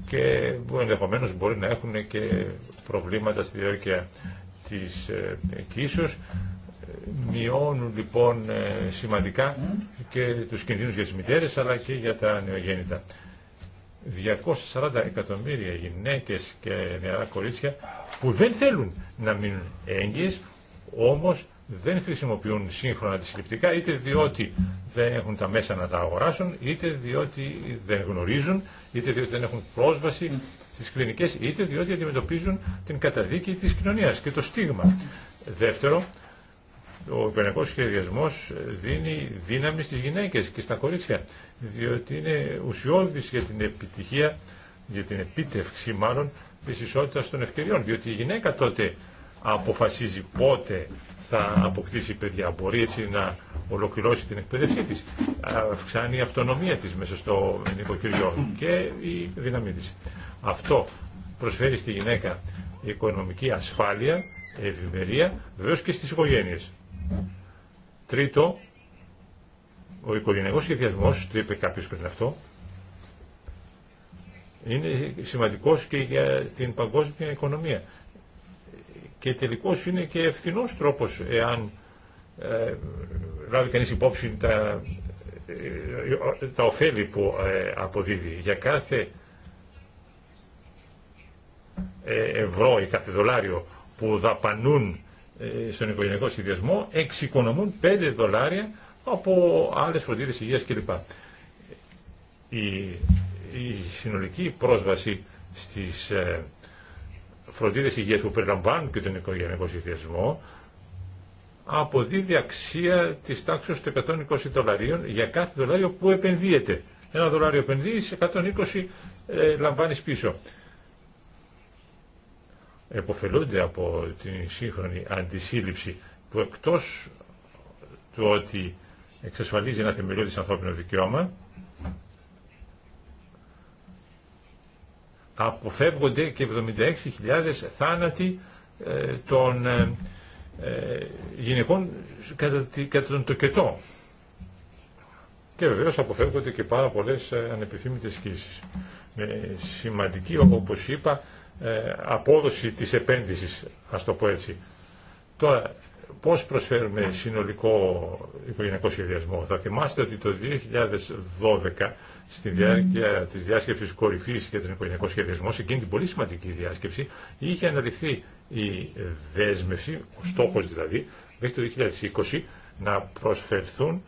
και που ενδεχομένως μπορεί να έχουν και προβλήματα στη διάρκεια της ε, κύσεως Μειώνουν λοιπόν ε, σημαντικά και τους κινδύνους για τις μητέρες αλλά και για τα νεογέννητα. 240 εκατομμύρια γυναίκες και νεαρά κορίτσια που δεν θέλουν να μείνουν έγκυες όμως δεν χρησιμοποιούν σύγχρονα συλληπτικά είτε διότι δεν έχουν τα μέσα να τα αγοράσουν είτε διότι δεν γνωρίζουν είτε διότι δεν έχουν πρόσβαση ναι. στις κλινικές, είτε διότι αντιμετωπίζουν την καταδίκη της κοινωνίας και το στίγμα. Δεύτερο, ο υπενεκός σχεδιασμός δίνει δύναμη στις γυναίκες και στα κορίτσια, διότι είναι ουσιώδης για την επιτυχία, για την επίτευξη μάλλον, της ισότητας των ευκαιριών, διότι η γυναίκα τότε αποφασίζει πότε θα αποκτήσει παιδιά. Μπορεί έτσι να ολοκληρώσει την εκπαίδευσή της. Αυξάνει η αυτονομία της μέσα στο νοικοκυριό και η δύναμή της. Αυτό προσφέρει στη γυναίκα οικονομική ασφάλεια, ευημερία, βεβαίως και στις οικογένειες. Τρίτο, ο οικογενειακός σχεδιασμός, το είπε κάποιος πριν αυτό, είναι σημαντικός και για την παγκόσμια οικονομία και τελικώς είναι και ευθυνός τρόπος εάν ε, λάβει κανείς υπόψη τα, ε, τα ωφέλη που ε, αποδίδει. Για κάθε ε, ευρώ ή κάθε δολάριο που δαπανούν ε, στον οικογενειακό σχεδιασμό εξοικονομούν 5 δολάρια από άλλες φροντίδες υγείας κλπ. Η, συνολική πρόσβαση στις φροντίδες υγεία που περιλαμβάνουν και τον οικογενειακό συνδυασμό αποδίδει αξία της τάξης του 120 δολαρίων για κάθε δολάριο που επενδύεται. Ένα δολάριο επενδύει 120 ε, λαμβάνεις πίσω. Εποφελούνται από την σύγχρονη αντισύλληψη που εκτός του ότι εξασφαλίζει ένα θεμελιώδης ανθρώπινο δικαίωμα, αποφεύγονται και 76.000 θάνατοι ε, των ε, ε, γυναικών κατά τον τοκετό. Και βεβαίω αποφεύγονται και πάρα πολλές ανεπιθύμητες σκήσεις. σημαντική, όπως είπα, απόδοση της επένδυσης, ας το πω έτσι. Τώρα, πώς προσφέρουμε συνολικό οικογενειακό σχεδιασμό. Θα θυμάστε ότι το 2012 στη διάρκεια της διάσκεψης κορυφής για τον οικογενειακό σχεδιασμό, σε εκείνη την πολύ σημαντική διάσκεψη, είχε αναλυθεί η δέσμευση, ο στόχος δηλαδή, μέχρι το 2020 να προσφερθούν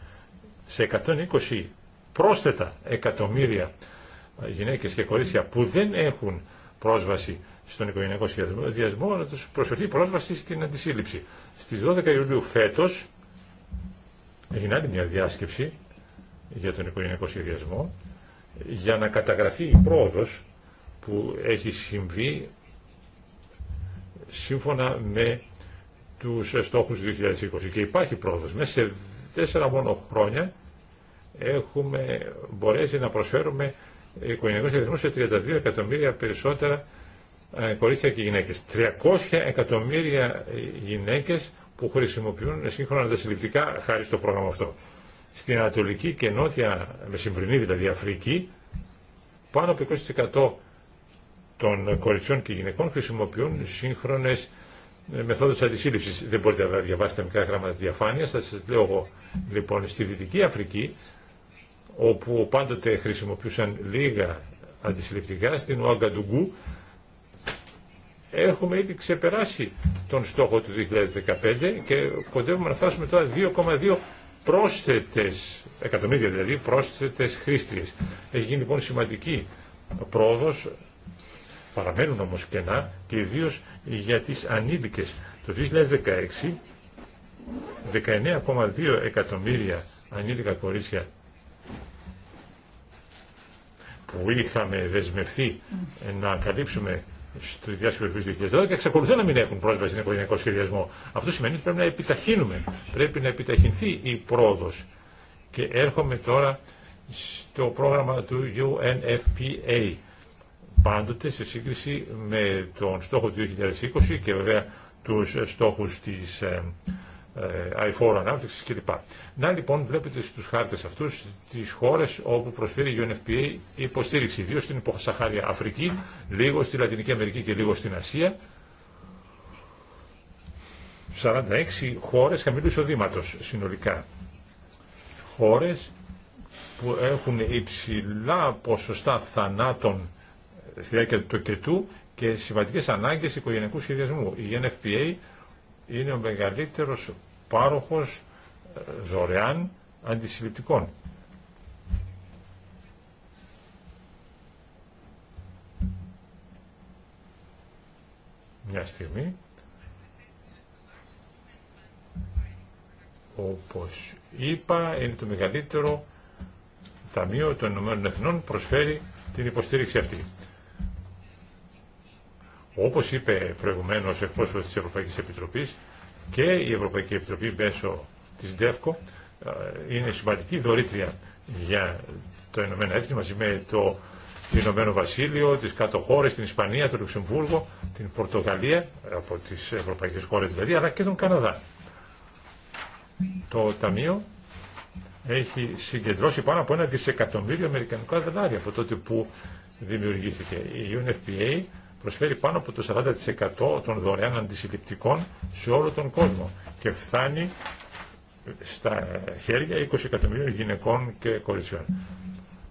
σε 120 πρόσθετα εκατομμύρια γυναίκες και κορίτσια που δεν έχουν πρόσβαση στον οικογενειακό σχεδιασμό, να τους προσφερθεί πρόσβαση στην αντισύλληψη. Στις 12 Ιουλίου φέτος έγινε άλλη μια διάσκεψη για τον οικογενειακό σχεδιασμό για να καταγραφεί η πρόοδος που έχει συμβεί σύμφωνα με τους στόχους του 2020. Και υπάρχει πρόοδος. Μέσα σε τέσσερα μόνο χρόνια έχουμε μπορέσει να προσφέρουμε οικογενειακό σχεδιασμό σε 32 εκατομμύρια περισσότερα ε, κορίτσια και γυναίκες. 300 εκατομμύρια γυναίκες που χρησιμοποιούν σύγχρονα τα συλληπτικά χάρη στο πρόγραμμα αυτό στην Ανατολική και Νότια Μεσημβρινή δηλαδή Αφρική πάνω από 20% των κοριτσιών και γυναικών χρησιμοποιούν σύγχρονες ε, μεθόδους αντισύλληψης. Δεν μπορείτε να διαβάσετε μικρά γράμματα διαφάνειας, θα σας λέω εγώ. Λοιπόν, στη Δυτική Αφρική, όπου πάντοτε χρησιμοποιούσαν λίγα αντισυλληπτικά, στην Ουαγκαντουγκού, έχουμε ήδη ξεπεράσει τον στόχο του 2015 και κοντεύουμε να φτάσουμε τώρα 2,2 πρόσθετες, εκατομμύρια δηλαδή, πρόσθετες χρήστριες. Έχει γίνει λοιπόν σημαντική πρόοδος, παραμένουν όμως κενά και ιδίω για τις ανήλικες. Το 2016 19,2 εκατομμύρια ανήλικα κορίτσια που είχαμε δεσμευθεί να καλύψουμε στη διάσκεψη του 2012 και εξακολουθούν να μην έχουν πρόσβαση στην οικογενειακό σχεδιασμό. Αυτό σημαίνει ότι πρέπει να επιταχύνουμε, πρέπει να επιταχυνθεί η πρόοδο. Και έρχομαι τώρα στο πρόγραμμα του UNFPA. Πάντοτε σε σύγκριση με τον στόχο του 2020 και βέβαια τους στόχους της ε, ε, αηφόρου ανάπτυξη κλπ. Να λοιπόν βλέπετε στου χάρτες αυτούς τις χώρες όπου προσφέρει η UNFPA υποστήριξη, ιδίω στην υποσαχάρια Αφρική, λίγο στη Λατινική Αμερική και λίγο στην Ασία. 46 χώρες χαμηλού εισοδήματο συνολικά. Χώρες που έχουν υψηλά ποσοστά θανάτων στη διάρκεια του τοκετού και σημαντικές ανάγκες οικογενειακού σχεδιασμού. Η NFPA είναι ο μεγαλύτερος πάροχος ε, δωρεάν αντισυλληπτικών. Μια στιγμή όπως είπα είναι το μεγαλύτερο Ταμείο των Ηνωμένων Εθνών προσφέρει την υποστήριξη αυτή. Όπως είπε προηγουμένως ο εκπρόσωπος της Ευρωπαϊκής Επιτροπής, και η Ευρωπαϊκή Επιτροπή μέσω της ΔΕΦΚΟ ε, είναι σημαντική δωρήτρια για το Ηνωμένο Έθνη μαζί με το Ηνωμένο Βασίλειο, τις κάτω χώρες, την Ισπανία, το Λουξεμβούργο, την Πορτογαλία, από τις ευρωπαϊκές χώρες δηλαδή, αλλά και τον Καναδά. Το Ταμείο έχει συγκεντρώσει πάνω από ένα δισεκατομμύριο αμερικανικά δολάρια από τότε που δημιουργήθηκε. Η UNFPA προσφέρει πάνω από το 40% των δωρεάν αντισυλληπτικών σε όλο τον κόσμο και φτάνει στα χέρια 20 εκατομμυρίων γυναικών και κοριτσιών.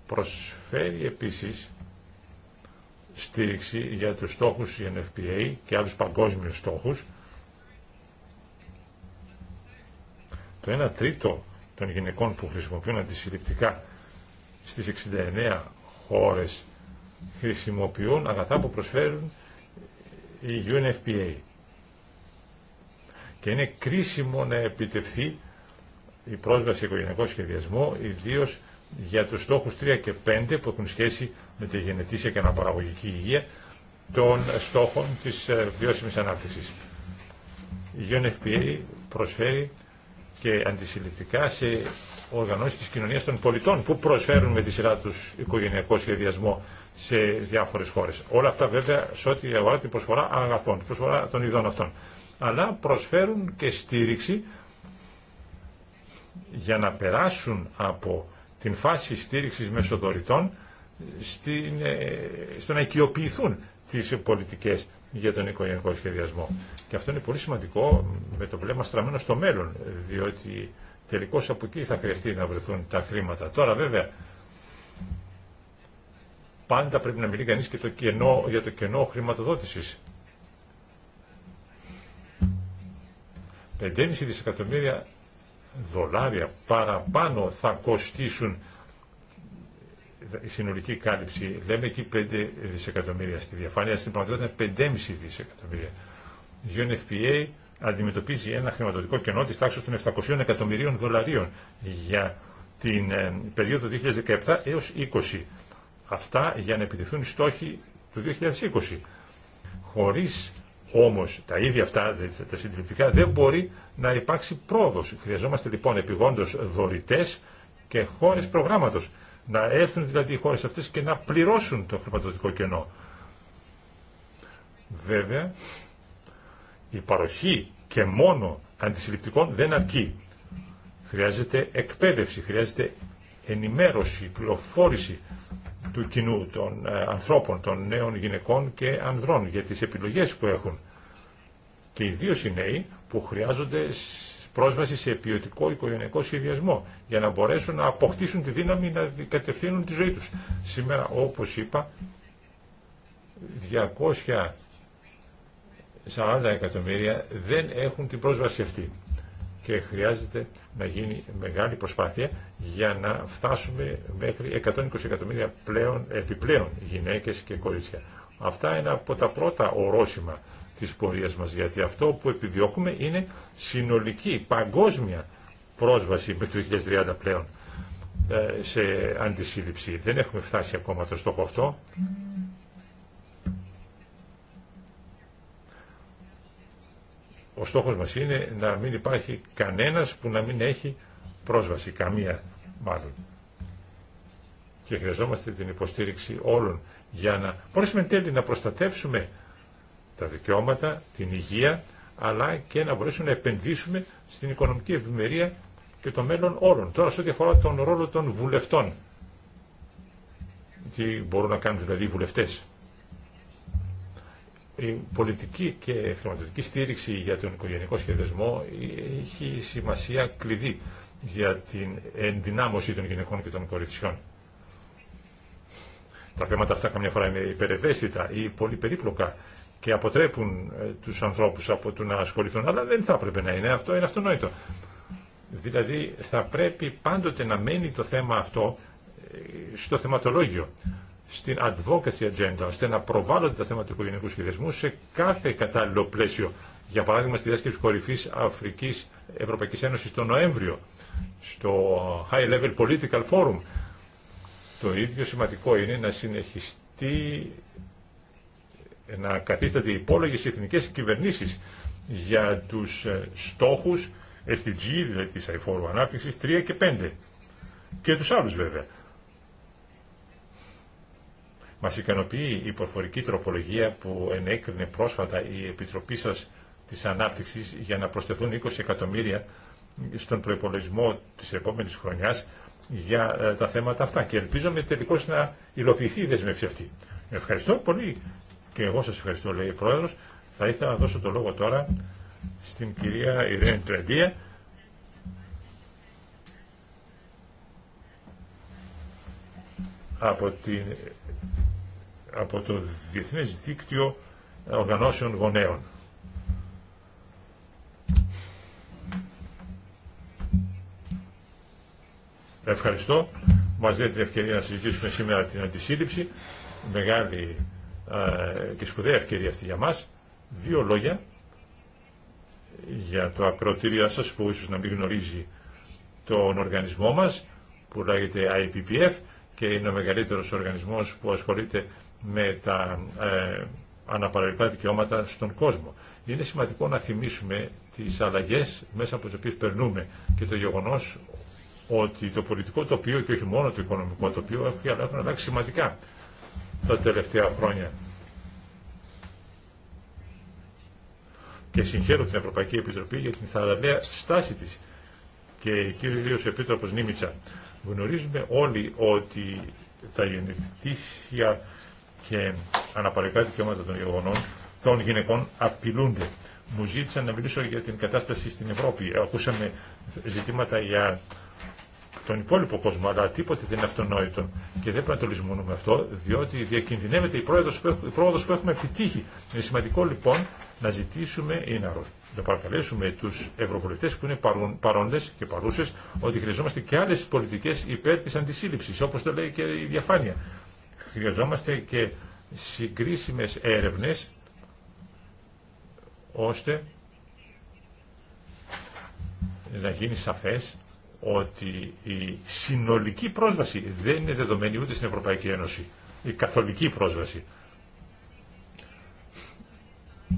Προσφέρει επίσης στήριξη για τους στόχους NFPA και άλλους παγκόσμιους στόχους. Το 1 τρίτο των γυναικών που χρησιμοποιούν αντισυλληπτικά στις 69 χώρες χρησιμοποιούν αγαθά που προσφέρουν η UNFPA. Και είναι κρίσιμο να επιτευθεί η πρόσβαση σε οικογενειακό σχεδιασμό, ιδίω για τους στόχους 3 και 5 που έχουν σχέση με τη γενετήσια και αναπαραγωγική υγεία των στόχων της ε, βιώσιμης ανάπτυξης. Η UNFPA προσφέρει και αντισυλληπτικά σε οργανώσεις της κοινωνίας των πολιτών που προσφέρουν με τη σειρά τους οικογενειακό σχεδιασμό σε διάφορες χώρε. Όλα αυτά βέβαια σε ό,τι αφορά την προσφορά αγαθών, την προσφορά των ειδών αυτών. Αλλά προσφέρουν και στήριξη για να περάσουν από την φάση στήριξης μεσοδορητών στην, ε, στο να οικειοποιηθούν τις πολιτικές για τον οικογενειακό σχεδιασμό. Και αυτό είναι πολύ σημαντικό με το βλέμμα στραμμένο στο μέλλον, διότι τελικώς από εκεί θα χρειαστεί να βρεθούν τα χρήματα. Τώρα βέβαια πάντα πρέπει να μιλεί κανείς και το κενό, για το κενό χρηματοδότησης. 5,5 δισεκατομμύρια δολάρια παραπάνω θα κοστίσουν η συνολική κάλυψη. Λέμε εκεί 5 δισεκατομμύρια στη διαφάνεια, στην πραγματικότητα 5,5 δισεκατομμύρια. Η UNFPA αντιμετωπίζει ένα χρηματοδοτικό κενό της τάξης των 700 εκατομμυρίων δολαρίων για την ε, περίοδο 2017 έως 20 αυτά για να επιτεθούν στόχοι του 2020. Χωρίς όμως τα ίδια αυτά, τα συντριπτικά, δεν μπορεί να υπάρξει πρόοδος. Χρειαζόμαστε λοιπόν επιγόντως δωρητές και χώρες προγράμματος. Να έρθουν δηλαδή οι χώρες αυτές και να πληρώσουν το χρηματοδοτικό κενό. Βέβαια, η παροχή και μόνο αντισυλληπτικών δεν αρκεί. Χρειάζεται εκπαίδευση, χρειάζεται ενημέρωση, πληροφόρηση του κοινού, των ε, ανθρώπων, των νέων γυναικών και ανδρών για τις επιλογές που έχουν. Και ιδίω οι νέοι που χρειάζονται πρόσβαση σε ποιοτικό οικογενειακό σχεδιασμό για να μπορέσουν να αποκτήσουν τη δύναμη να κατευθύνουν τη ζωή τους. Σήμερα, όπως είπα, 240 εκατομμύρια δεν έχουν την πρόσβαση αυτή και χρειάζεται να γίνει μεγάλη προσπάθεια για να φτάσουμε μέχρι 120 εκατομμύρια πλέον, επιπλέον γυναίκες και κορίτσια. Αυτά είναι από τα πρώτα ορόσημα της πορείας μας, γιατί αυτό που επιδιώκουμε είναι συνολική, παγκόσμια πρόσβαση με το 2030 πλέον ε, σε αντισύλληψη. Δεν έχουμε φτάσει ακόμα το στόχο αυτό. Ο στόχος μας είναι να μην υπάρχει κανένας που να μην έχει πρόσβαση, καμία μάλλον. Και χρειαζόμαστε την υποστήριξη όλων για να μπορέσουμε εν τέλει να προστατεύσουμε τα δικαιώματα, την υγεία, αλλά και να μπορέσουμε να επενδύσουμε στην οικονομική ευημερία και το μέλλον όλων. Τώρα, σε ό,τι αφορά τον ρόλο των βουλευτών, τι μπορούν να κάνουν δηλαδή οι βουλευτές η πολιτική και χρηματοδοτική στήριξη για τον οικογενειακό σχεδιασμό έχει σημασία κλειδί για την ενδυνάμωση των γυναικών και των κοριτσιών. Τα θέματα αυτά καμιά φορά είναι υπερευαίσθητα ή πολύ περίπλοκα και αποτρέπουν ε, τους ανθρώπους από το να ασχοληθούν, αλλά δεν θα έπρεπε να είναι αυτό, είναι αυτονόητο. Δηλαδή θα πρέπει πάντοτε να μένει το θέμα αυτό ε, στο θεματολόγιο στην advocacy agenda, ώστε να προβάλλονται τα θέματα του οικογενειακού σχεδιασμού σε κάθε κατάλληλο πλαίσιο. Για παράδειγμα, στη διάσκεψη κορυφή Αφρική Ευρωπαϊκή Ένωση το Νοέμβριο, στο High Level Political Forum. Το ίδιο σημαντικό είναι να συνεχιστεί να υπόλογη στι εθνικέ κυβερνήσει για του ε, στόχου SDG, δηλαδή της αηφόρου ανάπτυξης, 3 και 5 και του άλλου βέβαια μα ικανοποιεί η προφορική τροπολογία που ενέκρινε πρόσφατα η Επιτροπή σα τη ανάπτυξη για να προσθεθούν 20 εκατομμύρια στον προπολογισμό τη επόμενη χρονιά για ε, τα θέματα αυτά και ελπίζομαι τελικώ να υλοποιηθεί η δεσμεύση αυτή. Ευχαριστώ πολύ και εγώ σα ευχαριστώ λέει ο πρόεδρο. Θα ήθελα να δώσω το λόγο τώρα στην κυρία Ιρένη Τρεντία από την από το Διεθνές Δίκτυο ε, Οργανώσεων Γονέων. Ευχαριστώ. Μας δίνετε την ευκαιρία να συζητήσουμε σήμερα την αντισύλληψη. Μεγάλη ε, και σπουδαία ευκαιρία αυτή για μας. Δύο λόγια για το ακροτήριό σας που ίσως να μην γνωρίζει τον οργανισμό μας που λέγεται IPPF και είναι ο μεγαλύτερος οργανισμός που ασχολείται με τα ε, αναπαραγωγικά δικαιώματα στον κόσμο. Είναι σημαντικό να θυμίσουμε τις αλλαγές μέσα από τις οποίες περνούμε και το γεγονός ότι το πολιτικό τοπίο και όχι μόνο το οικονομικό τοπίο έχουν αλλάξει σημαντικά τα τελευταία χρόνια. Και συγχαίρω την Ευρωπαϊκή Επιτροπή για την θαραλέα στάση της και κύριος Επίτροπος Νίμιτσα. Γνωρίζουμε όλοι ότι τα γενετήσια και αναπαρικά δικαιώματα των γεγονών των γυναικών απειλούνται. Μου ζήτησαν να μιλήσω για την κατάσταση στην Ευρώπη. Ακούσαμε ζητήματα για τον υπόλοιπο κόσμο, αλλά τίποτε δεν είναι αυτονόητο. Και δεν πρέπει να το λησμονούμε αυτό, διότι διακινδυνεύεται η πρόοδο που έχουμε επιτύχει. Είναι σημαντικό λοιπόν να ζητήσουμε ή να, να παρακαλέσουμε του ευρωβουλευτέ που είναι παρόντε και παρούσε ότι χρειαζόμαστε και άλλε πολιτικέ υπέρ τη αντισύλληψη, όπω το λέει και η διαφάνεια χρειαζόμαστε και συγκρίσιμες έρευνες ώστε να γίνει σαφές ότι η συνολική πρόσβαση δεν είναι δεδομένη ούτε στην Ευρωπαϊκή Ένωση. Η καθολική πρόσβαση.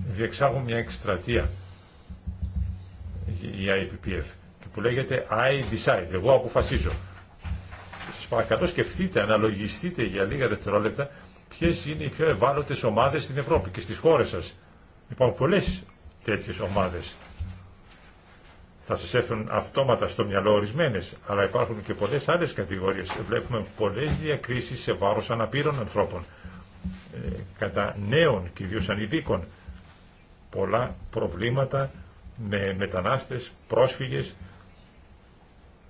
Διεξάγω μια εκστρατεία η IPPF και που λέγεται I decide, εγώ αποφασίζω. Σας παρακαλώ σκεφτείτε, αναλογιστείτε για λίγα δευτερόλεπτα ποιε είναι οι πιο ευάλωτε ομάδε στην Ευρώπη και στι χώρε σα. Υπάρχουν πολλέ τέτοιε ομάδε. Θα σα έρθουν αυτόματα στο μυαλό ορισμένε, αλλά υπάρχουν και πολλέ άλλε κατηγορίε. Βλέπουμε πολλέ διακρίσει σε βάρο αναπήρων ανθρώπων, ε, κατά νέων και ιδίω ανηλίκων. Πολλά προβλήματα με μετανάστες, πρόσφυγες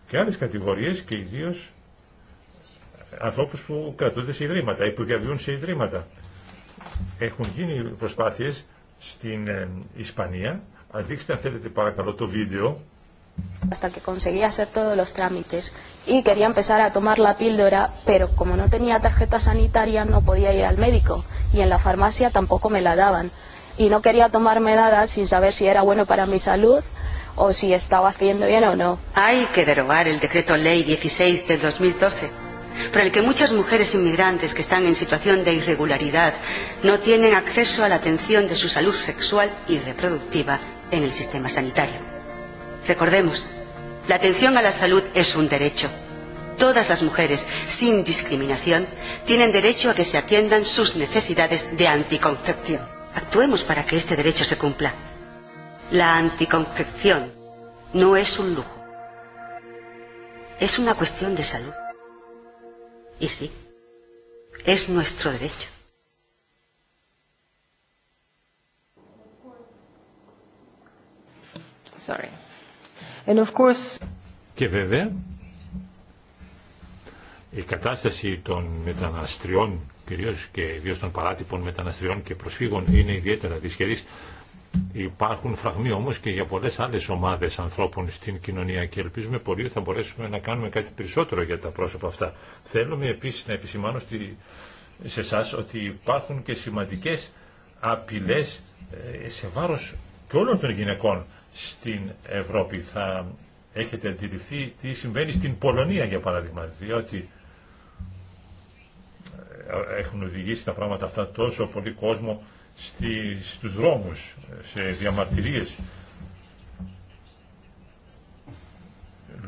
και άλλες κατηγορίες και ιδίως ανθρώπους που κρατούνται σε ιδρύματα ή που διαβιούν σε ιδρύματα. Έχουν γίνει προσπάθειες στην Ισπανία. Αντίξτε αν θέλετε παρακαλώ το βίντεο. Hasta que conseguía hacer todos los trámites y quería empezar a tomar la píldora, pero como no tenía tarjeta sanitaria no podía ir al médico y en la farmacia tampoco me la daban. Y no quería tomarme nada sin saber si era bueno para mi salud o si estaba haciendo bien o no. Hay que derogar el decreto ley 16 del 2012 por el que muchas mujeres inmigrantes que están en situación de irregularidad no tienen acceso a la atención de su salud sexual y reproductiva en el sistema sanitario. Recordemos, la atención a la salud es un derecho. Todas las mujeres, sin discriminación, tienen derecho a que se atiendan sus necesidades de anticoncepción. Actuemos para que este derecho se cumpla. La anticoncepción no es un lujo. Es una cuestión de salud. Και βέβαια, η κατάσταση των μεταναστριών, κυρίως και ιδίως των παράτυπων μεταναστριών και προσφύγων είναι ιδιαίτερα δυσχερής Υπάρχουν φραγμοί όμως και για πολλές άλλες ομάδες ανθρώπων στην κοινωνία και ελπίζουμε πολύ ότι θα μπορέσουμε να κάνουμε κάτι περισσότερο για τα πρόσωπα αυτά. Θέλουμε επίσης να επισημάνω στη, σε εσά ότι υπάρχουν και σημαντικές απειλές ε, σε βάρος και όλων των γυναικών στην Ευρώπη. Θα έχετε αντιληφθεί τι συμβαίνει στην Πολωνία για παράδειγμα, διότι ε, έχουν οδηγήσει τα πράγματα αυτά τόσο πολύ κόσμο στη, στους δρόμους, σε διαμαρτυρίες.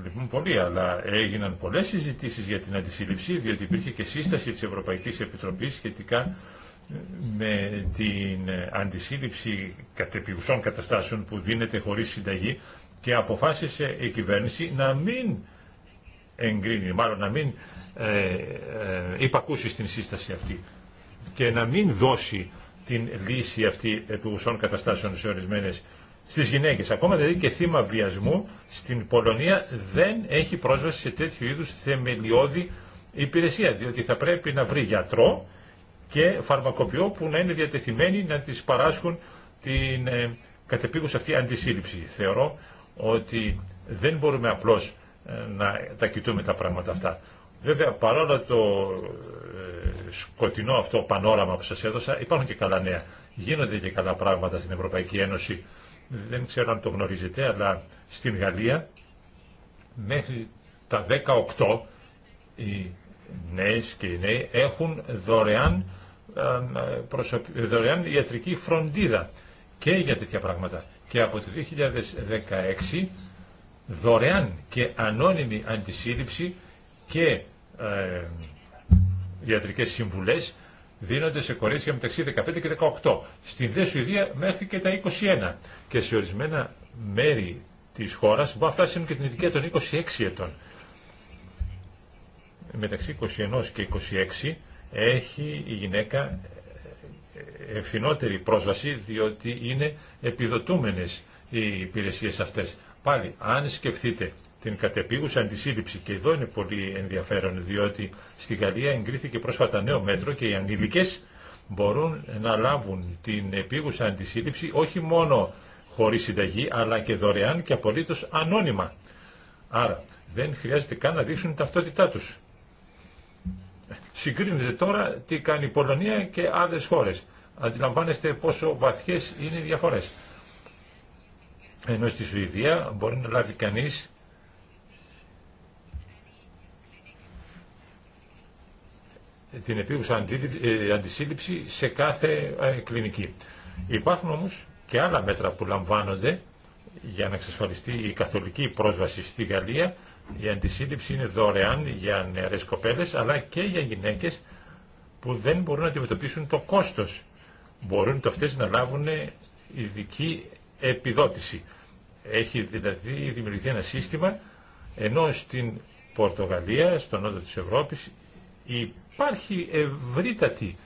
Λοιπόν, πολύ, αλλά έγιναν πολλές συζητήσεις για την αντισύλληψη, διότι υπήρχε και σύσταση της Ευρωπαϊκής Επιτροπής σχετικά ε, με την αντισύλληψη κατεπιουσών καταστάσεων που δίνεται χωρίς συνταγή και αποφάσισε η κυβέρνηση να μην εγκρίνει, μάλλον να μην ε, ε, υπακούσει στην σύσταση αυτή και να μην δώσει την λύση αυτή επιγουσών καταστάσεων σε ορισμένες στις γυναίκες. Ακόμα δηλαδή και θύμα βιασμού στην Πολωνία δεν έχει πρόσβαση σε τέτοιου είδους θεμελιώδη υπηρεσία, διότι θα πρέπει να βρει γιατρό και φαρμακοποιό που να είναι διατεθειμένοι να τις παράσχουν την ε, κατεπίγουσα αυτή αντισύλληψη. Θεωρώ ότι δεν μπορούμε απλώς ε, να τα κοιτούμε τα πράγματα αυτά. Βέβαια, παρόλο το ε, σκοτεινό αυτό πανόραμα που σας έδωσα, υπάρχουν και καλά νέα. Γίνονται και καλά πράγματα στην Ευρωπαϊκή Ένωση. Δεν ξέρω αν το γνωρίζετε, αλλά στην Γαλλία μέχρι τα 18 οι νέες και οι νέοι έχουν δωρεάν, ε, δωρεάν ιατρική φροντίδα και για τέτοια πράγματα. Και από το 2016 δωρεάν και ανώνυμη αντισύλληψη και ε, ιατρικές συμβουλές δίνονται σε κορίτσια μεταξύ 15 και 18. Στην δε Σουηδία μέχρι και τα 21. Και σε ορισμένα μέρη της χώρας μπορεί να φτάσουν και την ηλικία των 26 ετών. Μεταξύ 21 και 26 έχει η γυναίκα ε, ευθυνότερη πρόσβαση διότι είναι επιδοτούμενες οι υπηρεσίες αυτές. Πάλι, αν σκεφτείτε την κατεπίγουσα αντισύλληψη. Και εδώ είναι πολύ ενδιαφέρον, διότι στη Γαλλία εγκρίθηκε πρόσφατα νέο μέτρο και οι ανήλικες μπορούν να λάβουν την επίγουσα αντισύλληψη όχι μόνο χωρίς συνταγή, αλλά και δωρεάν και απολύτως ανώνυμα. Άρα δεν χρειάζεται καν να δείξουν ταυτότητά τους. Συγκρίνεται τώρα τι κάνει η Πολωνία και άλλες χώρες. Αντιλαμβάνεστε πόσο βαθιές είναι οι διαφορές. Ενώ στη Σουηδία μπορεί να λάβει κανείς την επίγουσα ε, αντισύλληψη σε κάθε ε, κλινική. Υπάρχουν όμως και άλλα μέτρα που λαμβάνονται για να εξασφαλιστεί η καθολική πρόσβαση στη Γαλλία. Η αντισύλληψη είναι δωρεάν για νεαρές κοπέλες αλλά και για γυναίκες που δεν μπορούν να αντιμετωπίσουν το κόστος. Μπορούν το αυτές να λάβουν ειδική επιδότηση. Έχει δηλαδή δημιουργηθεί ένα σύστημα ενώ στην Πορτογαλία, στον νότο της Ευρώπης, υπάρχει ευρύτατη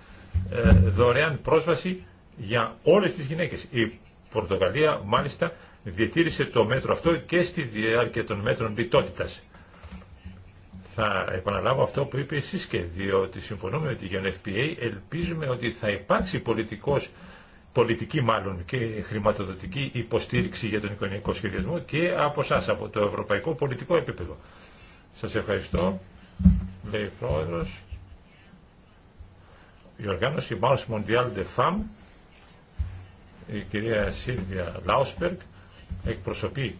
ε, δωρεάν πρόσβαση για όλες τις γυναίκες. Η Πορτογαλία μάλιστα διατήρησε το μέτρο αυτό και στη διάρκεια των μέτρων λιτότητας. Θα επαναλάβω αυτό που είπε εσεί και διότι συμφωνούμε ότι για το FPA ελπίζουμε ότι θα υπάρξει πολιτικός πολιτική μάλλον και χρηματοδοτική υποστήριξη για τον οικονομικό σχεδιασμό και από εσά, από το ευρωπαϊκό πολιτικό επίπεδο. Σας ευχαριστώ. Λέει η οργάνωση Mouse Mondial de Femme, η κυρία Σίλβια Λάουσπεργκ, εκπροσωπεί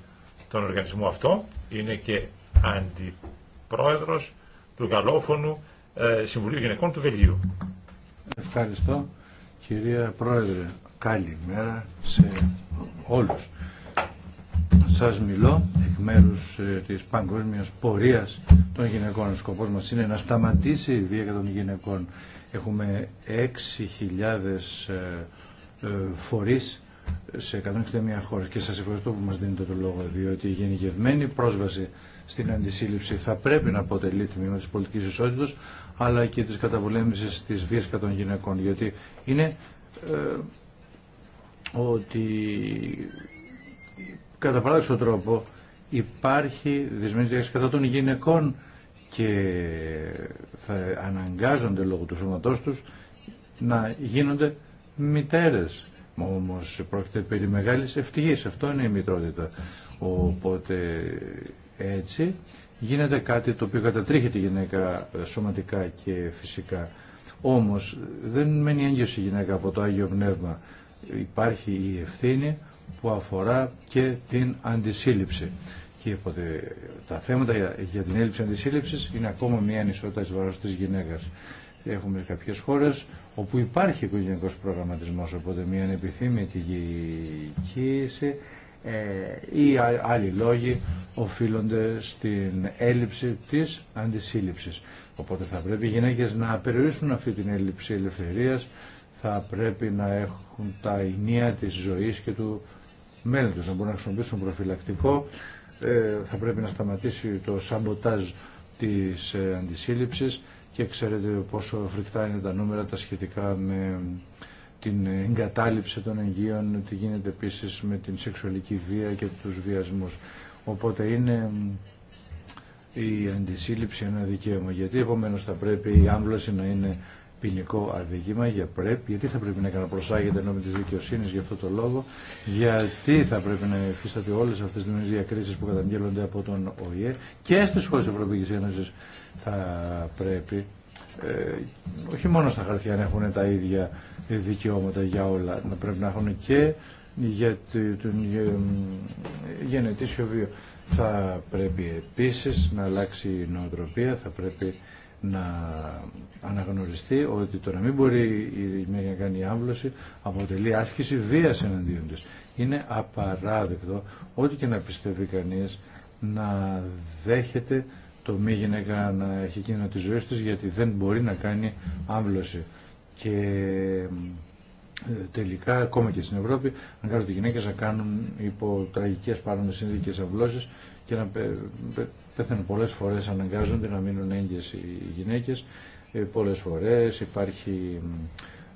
τον οργανισμό αυτό, είναι και αντιπρόεδρος του γαλλόφωνου ε, Συμβουλίου Γυναικών του Βελγίου. Ευχαριστώ κυρία Πρόεδρε. Καλημέρα σε όλους. Σας μιλώ εκ μέρους ε, της παγκόσμιας πορείας των γυναικών. Ο σκοπός μας είναι να σταματήσει η βία των γυναικών Έχουμε 6.000 ε, ε, φορείς σε 161 χώρες και σας ευχαριστώ που μας δίνετε το λόγο διότι η γενικευμένη πρόσβαση στην αντισύλληψη θα πρέπει να αποτελεί τμήμα της πολιτικής ισότητας αλλά και της καταπολέμησης της βίας κατά των γυναικών γιατί είναι ε, ότι κατά παράδειγμα τρόπο υπάρχει δυσμένης διάσταση κατά των γυναικών και θα αναγκάζονται λόγω του σώματός τους να γίνονται μητέρες. Όμως πρόκειται περί μεγάλης ευτυχής. Αυτό είναι η μητρότητα. Οπότε έτσι γίνεται κάτι το οποίο κατατρίχει τη γυναίκα ε, σωματικά και φυσικά. Όμως δεν μένει έγκυος η γυναίκα από το Άγιο Πνεύμα. Υπάρχει η ευθύνη που αφορά και την αντισύλληψη. Και οπότε τα θέματα για την έλλειψη αντισύλληψη είναι ακόμα μια ανισότητα τη βάρο τη γυναίκα. Έχουμε κάποιε χώρε όπου υπάρχει οικογενειακό προγραμματισμός, οπότε μια ανεπιθύμητη γη ε, ή άλλοι λόγοι οφείλονται στην έλλειψη τη αντισύλληψη. Οπότε θα πρέπει οι γυναίκε να περιορίσουν αυτή την έλλειψη ελευθερία, θα πρέπει να έχουν τα ενία τη ζωή και του μέλλοντο, να μπορούν να χρησιμοποιήσουν προφυλακτικό ε, θα πρέπει να σταματήσει το σαμποτάζ της ε, αντισύλληψης και ξέρετε πόσο φρικτά είναι τα νούμερα τα σχετικά με την εγκατάλειψη των εγγύων, τι γίνεται επίσης με την σεξουαλική βία και τους βιασμούς. Οπότε είναι η αντισύλληψη ένα δικαίωμα, γιατί επομένως θα πρέπει η άμβλωση να είναι ποινικό αδίκημα για πρέπει, γιατί θα πρέπει να προσάγεται με της δικαιοσύνης για αυτό το λόγο, γιατί θα πρέπει να υφίσταται όλες αυτές τις διακρίσεις που καταγγέλλονται από τον ΟΗΕ και στις χώρες της Ευρωπαϊκής Ένωσης θα πρέπει ε, όχι μόνο στα χαρτιά να έχουν τα ίδια δικαιώματα για όλα, να πρέπει να έχουν και για τον ε, γενετήσιο βίο. Θα πρέπει επίσης να αλλάξει η νοοτροπία, θα πρέπει να αναγνωριστεί ότι το να μην μπορεί η γυναίκα να κάνει άμβλωση αποτελεί άσκηση βίας εναντίον τη. Είναι απαράδεκτο ό,τι και να πιστεύει κανεί να δέχεται το μη γυναίκα να έχει κίνδυνο τη ζωή της γιατί δεν μπορεί να κάνει άμβλωση. Και τελικά, ακόμα και στην Ευρώπη, αν κάνουν οι γυναίκες να κάνουν υπό τραγικέ παρόμοιε αμβλώσεις και να πεθαίνουν πολλές φορές αναγκάζονται να μείνουν έγκυες οι γυναίκες ε, πολλές φορές υπάρχει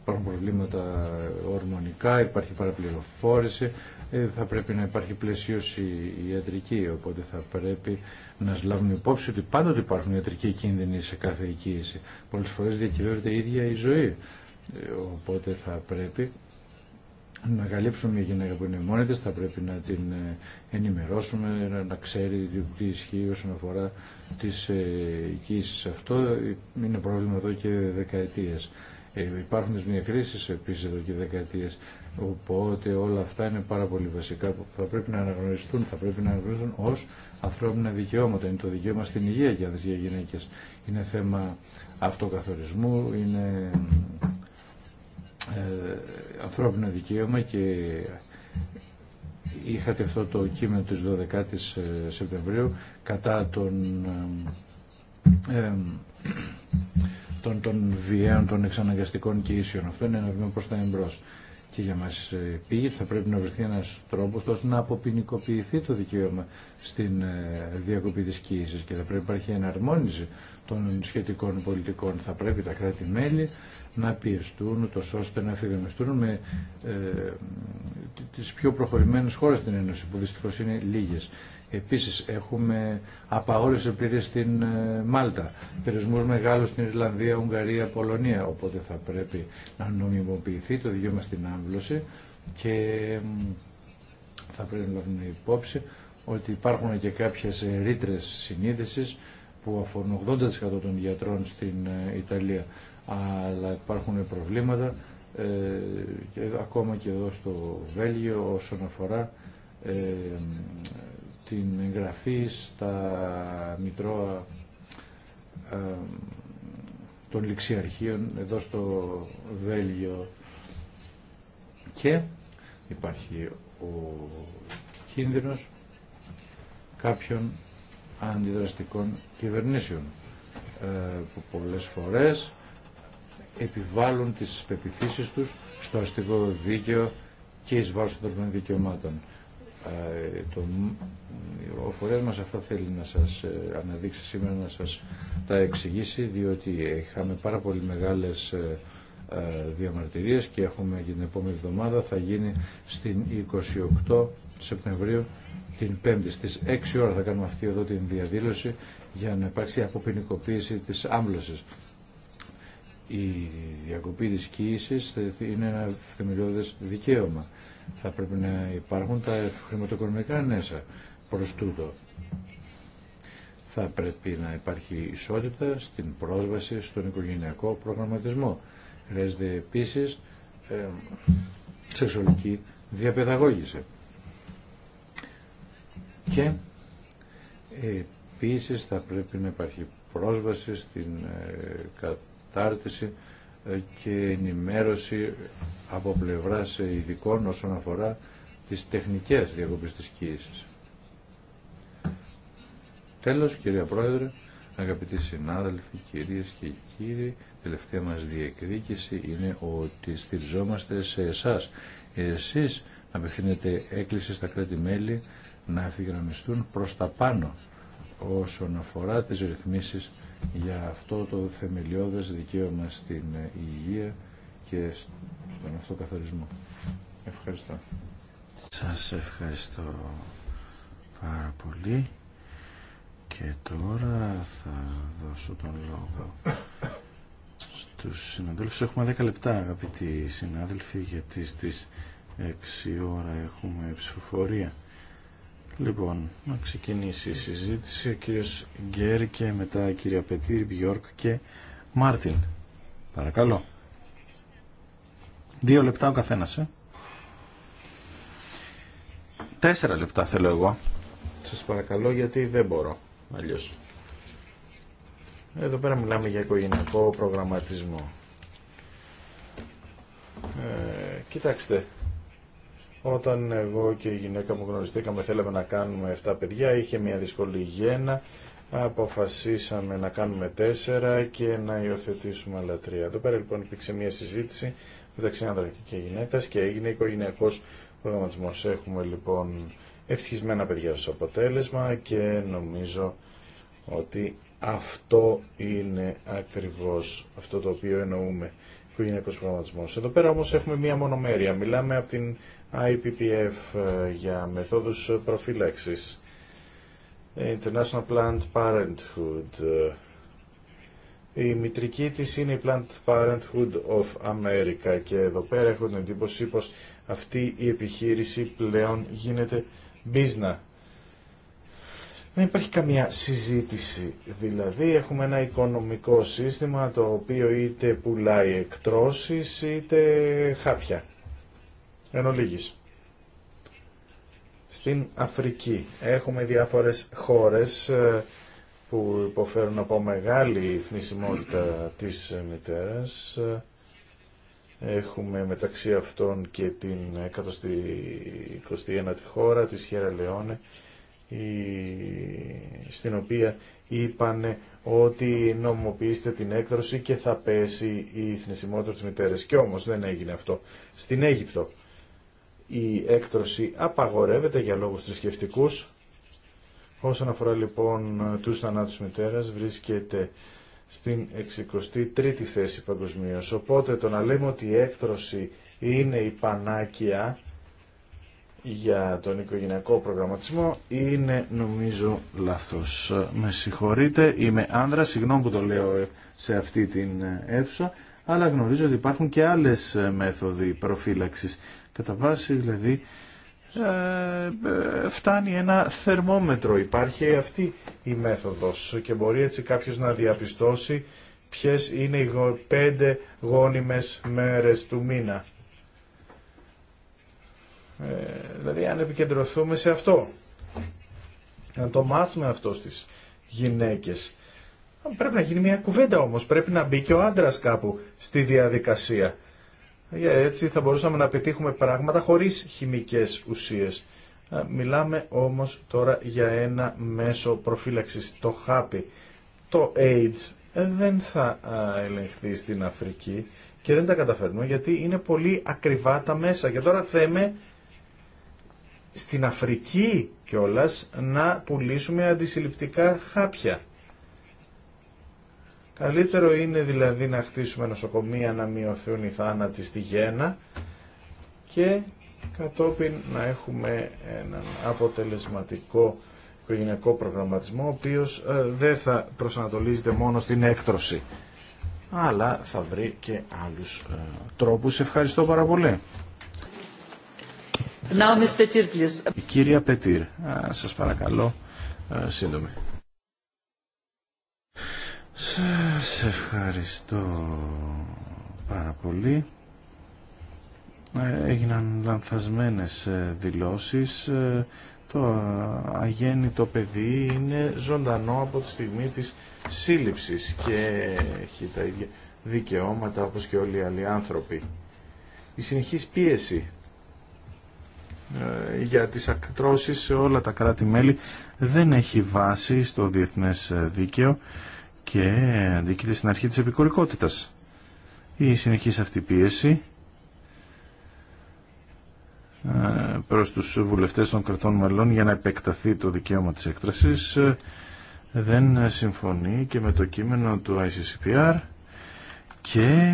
υπάρχουν προβλήματα ορμονικά, υπάρχει παραπληροφόρηση ε, θα πρέπει να υπάρχει πλαισίωση ιατρική οπότε θα πρέπει να λάβουμε υπόψη ότι πάντοτε υπάρχουν ιατρικοί κίνδυνοι σε κάθε οικίηση πολλές φορές διακυβεύεται η ίδια η ζωή ε, οπότε θα πρέπει να καλύψουμε μια γυναίκα που είναι μόνη της, θα πρέπει να την ε, ενημερώσουμε, να ξέρει τι ισχύει όσον αφορά τις οικίσεις. Ε, Αυτό είναι πρόβλημα εδώ και δεκαετίες. Ε, υπάρχουν τις διακρίσεις επίσης εδώ και δεκαετίες, οπότε όλα αυτά είναι πάρα πολύ βασικά που θα πρέπει να αναγνωριστούν, θα πρέπει να αναγνωριστούν ως ανθρώπινα δικαιώματα. Είναι το δικαίωμα στην υγεία για τις γυναίκες. Είναι θέμα αυτοκαθορισμού, είναι ε, ανθρώπινο δικαίωμα και είχατε αυτό το κείμενο της 12ης ε, Σεπτεμβρίου κατά των, ε, ε, των, των βιαίων, των εξαναγκαστικών και ίσιων. Αυτό είναι ένα βήμα προς τα εμπρός. Και για μας πήγε θα πρέπει να βρεθεί ένας τρόπος ώστε να αποποινικοποιηθεί το δικαίωμα στην διακοπή της κοίησης και θα πρέπει να υπάρχει εναρμόνιση των σχετικών πολιτικών. Θα πρέπει τα κράτη-μέλη να πιεστούν τόσο ώστε να ευθυγραμμιστούν με ε, τις πιο προχωρημένες χώρες στην Ένωση που δυστυχώ είναι λίγες. Επίσης έχουμε απαγόρευση πλήρη στην ε, Μάλτα, περισμούς μεγάλους στην Ιρλανδία, Ουγγαρία, Πολωνία, οπότε θα πρέπει να νομιμοποιηθεί το δικαίωμα στην άμβλωση και θα πρέπει να λάβουμε υπόψη ότι υπάρχουν και κάποιες ε, ρήτρε συνείδησης που αφορούν 80% των γιατρών στην ε, Ιταλία αλλά υπάρχουν προβλήματα ε, και ακόμα και εδώ στο Βέλγιο όσον αφορά ε, την εγγραφή στα Μητρώα ε, των ληξιαρχείων εδώ στο Βέλγιο και υπάρχει ο κίνδυνος κάποιων αντιδραστικών κυβερνήσεων ε, που πολλές φορές επιβάλλουν τις πεπιθήσεις τους στο αστικό δίκαιο και εις βάρος των δικαιωμάτων. Ε, ο φορέας μας αυτό θέλει να σας ε, αναδείξει σήμερα, να σας τα εξηγήσει, διότι είχαμε πάρα πολύ μεγάλες ε, διαμαρτυρίες και έχουμε την επόμενη εβδομάδα θα γίνει στην 28 Σεπτεμβρίου την 5 στις 6 ώρα θα κάνουμε αυτή εδώ την διαδήλωση για να υπάρξει αποποινικοποίηση της άμπλωσης. Η διακοπή της κοίησης είναι ένα θεμελιώδες δικαίωμα. Θα πρέπει να υπάρχουν τα χρηματοοικονομικά μέσα προς τούτο. Θα πρέπει να υπάρχει ισότητα στην πρόσβαση στον οικογενειακό προγραμματισμό. Χρειάζεται επίσης σεξουαλική διαπαιδαγώγηση. Και επίσης θα πρέπει να υπάρχει πρόσβαση στην ε, κατάρτιση ε, και ενημέρωση από σε ειδικών όσον αφορά τις τεχνικές διακοπής της κοίησης. Τέλος, κυρία Πρόεδρε, αγαπητοί συνάδελφοι, κυρίες και κύριοι, τελευταία μας διεκδίκηση είναι ότι στηριζόμαστε σε εσάς. Εσείς απευθύνετε έκκληση στα κράτη-μέλη να ευθυγραμμιστούν προς τα πάνω όσον αφορά τις ρυθμίσεις για αυτό το θεμελιώδες δικαίωμα στην ε, υγεία και στον αυτοκαθαρισμό. Ευχαριστώ. Σας ευχαριστώ πάρα πολύ και τώρα θα δώσω τον λόγο στους συναδέλφους. Έχουμε 10 λεπτά αγαπητοί συνάδελφοι γιατί στις 6 ώρα έχουμε ψηφοφορία. Λοιπόν, να ξεκινήσει η συζήτηση ο κύριο Γκέρ και μετά η κυρία Πετήρ, Μπιόρκ και Μάρτιν. Παρακαλώ. Δύο λεπτά ο καθένα. ε. Τέσσερα λεπτά θέλω εγώ. Σα παρακαλώ γιατί δεν μπορώ αλλιώ. Εδώ πέρα μιλάμε για οικογενειακό προγραμματισμό. Ε, κοιτάξτε, όταν εγώ και η γυναίκα μου γνωριστήκαμε θέλαμε να κάνουμε 7 παιδιά, είχε μια δύσκολη γέννα, αποφασίσαμε να κάνουμε 4 και να υιοθετήσουμε άλλα 3. Εδώ πέρα λοιπόν υπήρξε μια συζήτηση μεταξύ άντρα και γυναίκας και έγινε οικογενειακός προγραμματισμός. Έχουμε λοιπόν ευτυχισμένα παιδιά ως αποτέλεσμα και νομίζω ότι αυτό είναι ακριβώς αυτό το οποίο εννοούμε οικογενειακός προγραμματισμός. Εδώ πέρα όμως έχουμε μία μονομέρεια. Μιλάμε από την IPPF ε, για μεθόδους προφύλαξης, International Planned Parenthood. Ε, η μητρική της είναι η Planned Parenthood of America και εδώ πέρα έχω την εντύπωση πως αυτή η επιχείρηση πλέον γίνεται business. Δεν υπάρχει καμία συζήτηση. Δηλαδή έχουμε ένα οικονομικό σύστημα το οποίο είτε πουλάει εκτρώσεις είτε χάπια. Εν ολίγης. Στην Αφρική έχουμε διάφορες χώρες ε, που υποφέρουν από μεγάλη θνησιμότητα της μητέρας. Ε, έχουμε μεταξύ αυτών και την 121η χώρα, της Χέρα Λεόνε, στην οποία είπαν ότι νομοποιήστε την έκδοση και θα πέσει η θνησιμότητα της μητέρας. Και όμως δεν έγινε αυτό. Στην Αίγυπτο η έκτρωση απαγορεύεται για λόγους θρησκευτικού. Όσον αφορά λοιπόν τους θανάτου μητέρα, βρίσκεται στην 63η θέση παγκοσμίω. Οπότε το να λέμε ότι η έκτρωση είναι η πανάκια για τον οικογενειακό προγραμματισμό είναι νομίζω λάθος. Με συγχωρείτε, είμαι άνδρα, συγγνώμη που το λέω σε αυτή την αίθουσα, αλλά γνωρίζω ότι υπάρχουν και άλλες μέθοδοι προφύλαξης Κατά βάση δηλαδή ε, φτάνει ένα θερμόμετρο. Υπάρχει αυτή η μέθοδος και μπορεί έτσι κάποιος να διαπιστώσει ποιες είναι οι πέντε γόνιμες μέρες του μήνα. Ε, δηλαδή αν επικεντρωθούμε σε αυτό, να το μάθουμε αυτό στις γυναίκες. Πρέπει να γίνει μια κουβέντα όμως, πρέπει να μπει και ο άντρας κάπου στη διαδικασία. Ε, έτσι θα μπορούσαμε να πετύχουμε πράγματα χωρίς χημικές ουσίες. Ε, μιλάμε όμως τώρα για ένα μέσο προφύλαξης, το χάπι. Το AIDS δεν θα ελεγχθεί στην Αφρική και δεν τα καταφέρνουμε γιατί είναι πολύ ακριβά τα μέσα. Και τώρα θέμε στην Αφρική κιόλας να πουλήσουμε αντισυλληπτικά χάπια. Καλύτερο είναι δηλαδή να χτίσουμε νοσοκομεία να μειωθούν οι θάνατοι στη γέννα και κατόπιν να έχουμε έναν αποτελεσματικό οικογενειακό προγραμματισμό ο οποίος ε, δεν θα προσανατολίζεται μόνο στην έκτρωση αλλά θα βρει και άλλους ε, τρόπους. Ευχαριστώ πάρα πολύ. Now, Mr. Κυρία Πετήρ, σας παρακαλώ ε, σύντομη. Σας ευχαριστώ πάρα πολύ. Ε, έγιναν λανθασμένες ε, δηλώσεις. Ε, το αγέννητο παιδί είναι ζωντανό από τη στιγμή της σύλληψης και έχει τα ίδια δικαιώματα όπως και όλοι οι άλλοι άνθρωποι. Η συνεχής πίεση για τις ακτρώσεις σε όλα τα κράτη-μέλη δεν έχει βάση στο διεθνές δίκαιο και αντίκειται στην αρχή της επικορικότητας. Η συνεχής αυτή πίεση ε, προς τους βουλευτές των κρατών μελών για να επεκταθεί το δικαίωμα της έκτρασης ε, δεν συμφωνεί και με το κείμενο του ICCPR και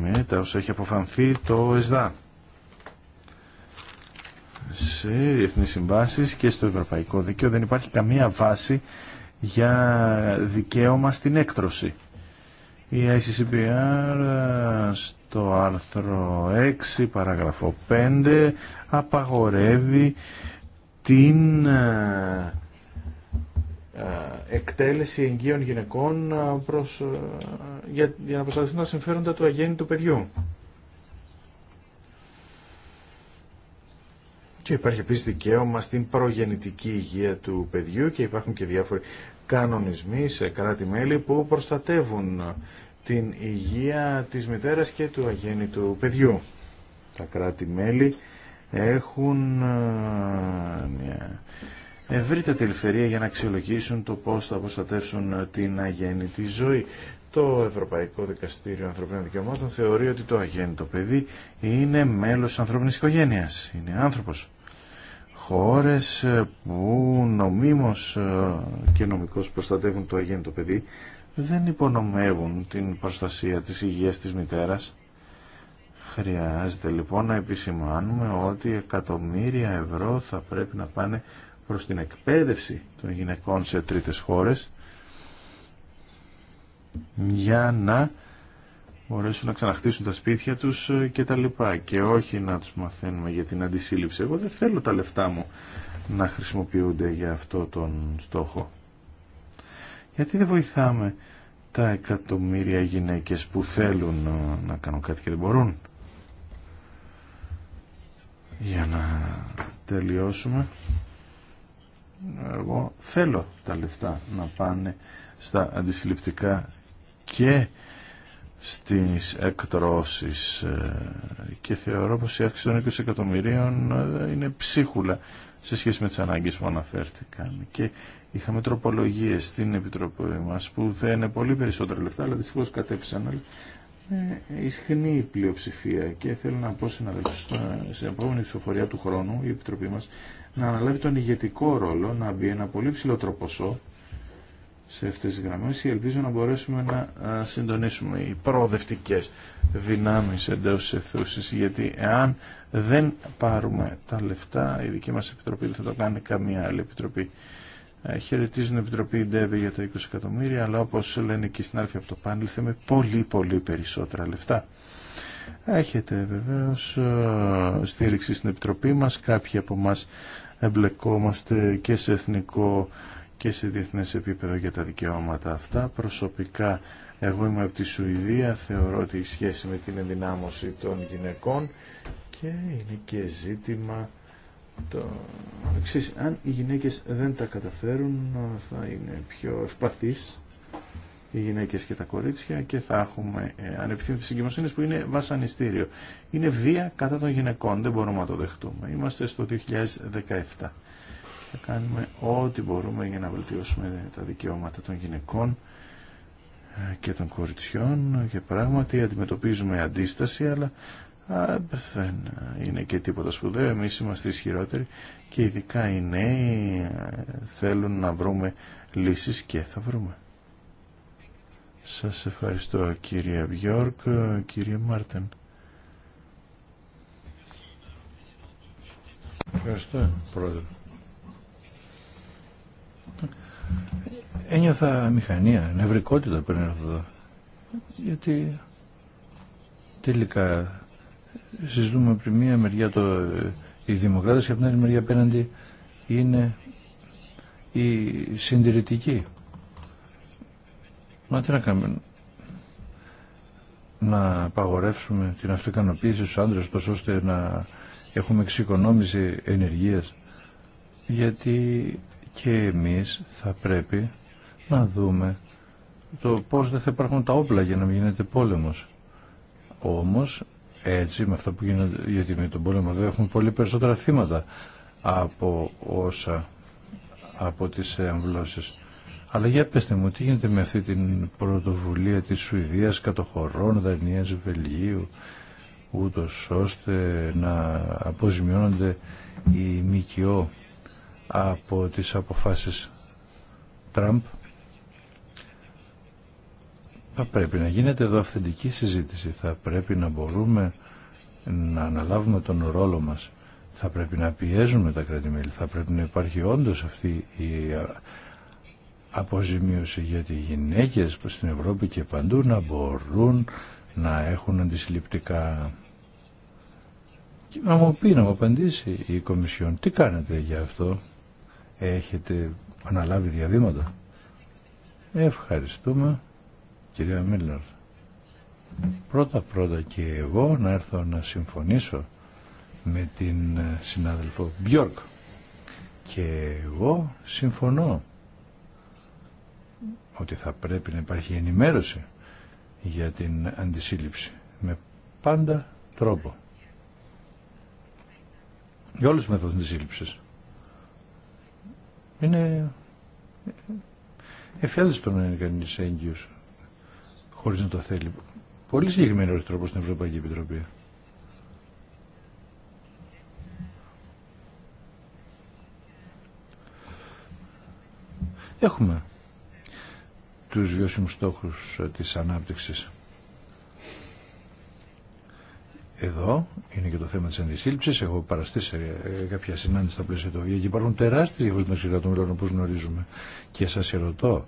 με τα όσα έχει αποφανθεί το ΕΣΔΑ σε διεθνείς συμβάσεις και στο ευρωπαϊκό δίκαιο δεν υπάρχει καμία βάση για δικαίωμα στην έκτρωση. Η ICCPR ε, στο άρθρο 6 παραγραφό 5 απαγορεύει την ε, ε, εκτέλεση εγγύων γυναικών προς, για, για να προστατευτούν τα συμφέροντα του αγέννητου παιδιού. Και υπάρχει επίσης δικαίωμα στην προγεννητική υγεία του παιδιού και υπάρχουν και διάφοροι κανονισμοί σε κράτη-μέλη που προστατεύουν την υγεία της μητέρας και του αγέννητου παιδιού. Τα κράτη-μέλη έχουν ε, μια ευρύτατη ελευθερία για να αξιολογήσουν το πώς θα προστατεύσουν την αγέννητη ζωή. Το Ευρωπαϊκό Δικαστήριο Ανθρωπίνων Δικαιωμάτων θεωρεί ότι το αγέννητο παιδί είναι μέλος της ανθρώπινης οικογένειας, είναι άνθρωπος χώρες ε, που νομίμως ε, και νομικώς προστατεύουν το αγέννητο παιδί δεν υπονομεύουν την προστασία της υγείας της μητέρας. Χρειάζεται λοιπόν να επισημάνουμε ότι εκατομμύρια ευρώ θα πρέπει να πάνε προς την εκπαίδευση των γυναικών σε τρίτες χώρες για να μπορέσουν να ξαναχτίσουν τα σπίτια τους ε, και τα λοιπά και όχι να τους μαθαίνουμε για την αντισύλληψη. Εγώ δεν θέλω τα λεφτά μου να χρησιμοποιούνται για αυτό τον στόχο. Γιατί δεν βοηθάμε τα εκατομμύρια γυναίκες που θέλουν ε, να κάνουν κάτι και δεν μπορούν. Για να τελειώσουμε, εγώ θέλω τα λεφτά να πάνε στα αντισυλληπτικά και στις εκτρώσεις ε, και θεωρώ πως η αύξηση των 20 εκατομμυρίων ε, είναι ψίχουλα σε σχέση με τις ανάγκες που αναφέρθηκαν και είχαμε τροπολογίες στην Επιτροπή μας που θα είναι πολύ περισσότερα λεφτά αλλά δυστυχώς κατέψαν με ισχνή πλειοψηφία και θέλω να πω συναδελφούς στην επόμενη ψηφοφορία του χρόνου η Επιτροπή μας να αναλάβει τον ηγετικό ρόλο να μπει ένα πολύ ψηλότερο ποσό σε αυτές τις γραμμές και ελπίζω να μπορέσουμε να συντονίσουμε οι προοδευτικές δυνάμεις εντός τη γιατί εάν δεν πάρουμε τα λεφτά η δική μας επιτροπή δεν θα το κάνει καμία άλλη επιτροπή ε, χαιρετίζουν την Επιτροπή ΝΤΕΒΕ για τα 20 εκατομμύρια αλλά όπως λένε και οι συνάδελφοι από το πάνελ θέλουμε πολύ πολύ περισσότερα λεφτά Έχετε βεβαίως ε, στήριξη στην Επιτροπή μας κάποιοι από εμά εμπλεκόμαστε και σε εθνικό και σε διεθνές επίπεδο για τα δικαιώματα αυτά. Προσωπικά εγώ είμαι από τη Σουηδία, θεωρώ ότι η σχέση με την ενδυνάμωση των γυναικών και είναι και ζήτημα το εξής. Αν οι γυναίκες δεν τα καταφέρουν θα είναι πιο ευπαθείς οι γυναίκες και τα κορίτσια και θα έχουμε ε, ανεπιθύμητες εγκυμοσύνες που είναι βασανιστήριο. Είναι βία κατά των γυναικών, δεν μπορούμε να το δεχτούμε. Είμαστε στο 2017 θα κάνουμε ό,τι μπορούμε για να βελτιώσουμε τα δικαιώματα των γυναικών ε, και των κοριτσιών και πράγματι αντιμετωπίζουμε αντίσταση αλλά δεν είναι και τίποτα σπουδαίο εμείς είμαστε ισχυρότεροι και ειδικά οι νέοι ε, θέλουν να βρούμε λύσεις και θα βρούμε Σας ευχαριστώ κυρία Βιόρκ κύριε Μάρτεν Ευχαριστώ πρόεδρε ένιωθα μηχανία, νευρικότητα πριν έρθω εδώ. Γιατί τελικά συζητούμε από μία μεριά το, οι δημοκράτες και από την άλλη μεριά απέναντι είναι οι συντηρητικοί. Μα τι να κάνουμε, να απαγορεύσουμε την αυτοκανοποίηση στους άντρες τόσο ώστε να έχουμε εξοικονόμηση ενεργείας γιατί και εμείς θα πρέπει να δούμε το πώς δεν θα υπάρχουν τα όπλα για να μην γίνεται πόλεμος. Όμως έτσι με αυτά που γίνονται, γιατί με τον πόλεμο εδώ έχουμε πολύ περισσότερα θύματα από όσα από τις αμβλώσεις. Αλλά για πέστε μου, τι γίνεται με αυτή την πρωτοβουλία της Σουηδίας, κατοχωρών, Δανίας, Βελγίου, ούτως ώστε να αποζημιώνονται οι ΜΚΟ από τις αποφάσεις Τραμπ θα πρέπει να γίνεται εδώ αυθεντική συζήτηση θα πρέπει να μπορούμε να αναλάβουμε τον ρόλο μας θα πρέπει να πιέζουμε τα κρατημέλη θα πρέπει να υπάρχει όντως αυτή η ε, αποζημίωση γιατί οι γυναίκες στην Ευρώπη και παντού να μπορούν να έχουν αντισυλληπτικά να μου πει, να μου απαντήσει η Κομισιόν τι κάνετε για αυτό Έχετε αναλάβει διαβήματα. Ευχαριστούμε, κυρία Μίλλερ. Πρώτα-πρώτα και εγώ να έρθω να συμφωνήσω με την ε, συνάδελφο Μπιόρκ. Και εγώ συμφωνώ ότι θα πρέπει να υπάρχει ενημέρωση για την αντισύλληψη με πάντα τρόπο. Για όλους τους μέθοδους αντισύλληψης. Είναι εφιάλιστο να είναι κανεί έγκυο χωρί να το θέλει. Πολύ συγκεκριμένο τρόπο στην Ευρωπαϊκή Επιτροπή. Έχουμε τους βιώσιμους στόχους της ανάπτυξης εδώ είναι και το θέμα τη αντισύλληψη. Έχω παραστεί σε ε, κάποια συνάντηση στα πλαίσια του ΟΗΕ και υπάρχουν τεράστιε διαφορέ μεταξύ των όπω γνωρίζουμε. Και σα ερωτώ,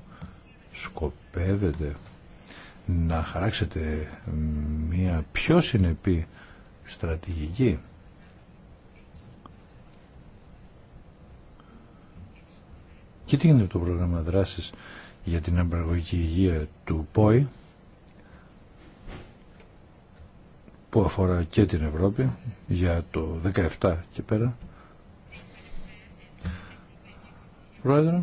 σκοπεύετε να χαράξετε μια πιο συνεπή στρατηγική και τι γίνεται το πρόγραμμα δράσης για την εμπραγωγική υγεία του ΠΟΗ που αφορά και την Ευρώπη για το 17 και πέρα. Πρόεδρε,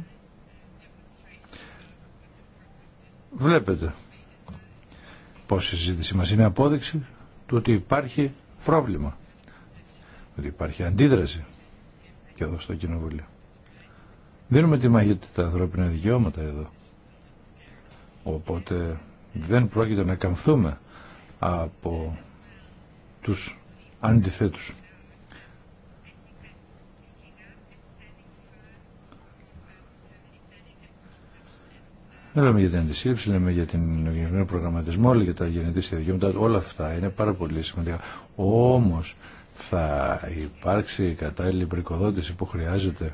βλέπετε πως η συζήτηση μας είναι απόδειξη του ότι υπάρχει πρόβλημα, ότι υπάρχει αντίδραση και εδώ στο Κοινοβούλιο. Δίνουμε τη μαγείτη τα ανθρώπινα δικαιώματα εδώ. Οπότε δεν πρόκειται να καμφθούμε από τους αντιθέτους. Δεν λέμε για την αντισύλληψη, λέμε για την γενικό προγραμματισμό, για τα γενετήσια δικαιώματα, όλα αυτά είναι πάρα πολύ σημαντικά. Όμως θα υπάρξει η κατάλληλη πρικοδότηση που χρειάζεται.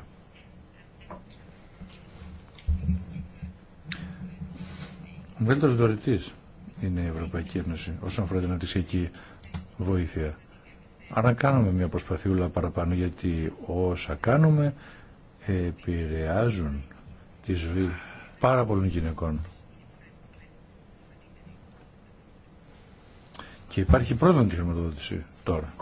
Ο μεγαλύτερος δωρητής είναι η Ευρωπαϊκή Ένωση όσον αφορά την αντισύλληψη βοήθεια. Άρα κάνουμε μια προσπαθιούλα παραπάνω γιατί όσα κάνουμε επηρεάζουν τη ζωή πάρα πολλών γυναικών. Και υπάρχει πρόβλημα τη χρηματοδότηση τώρα.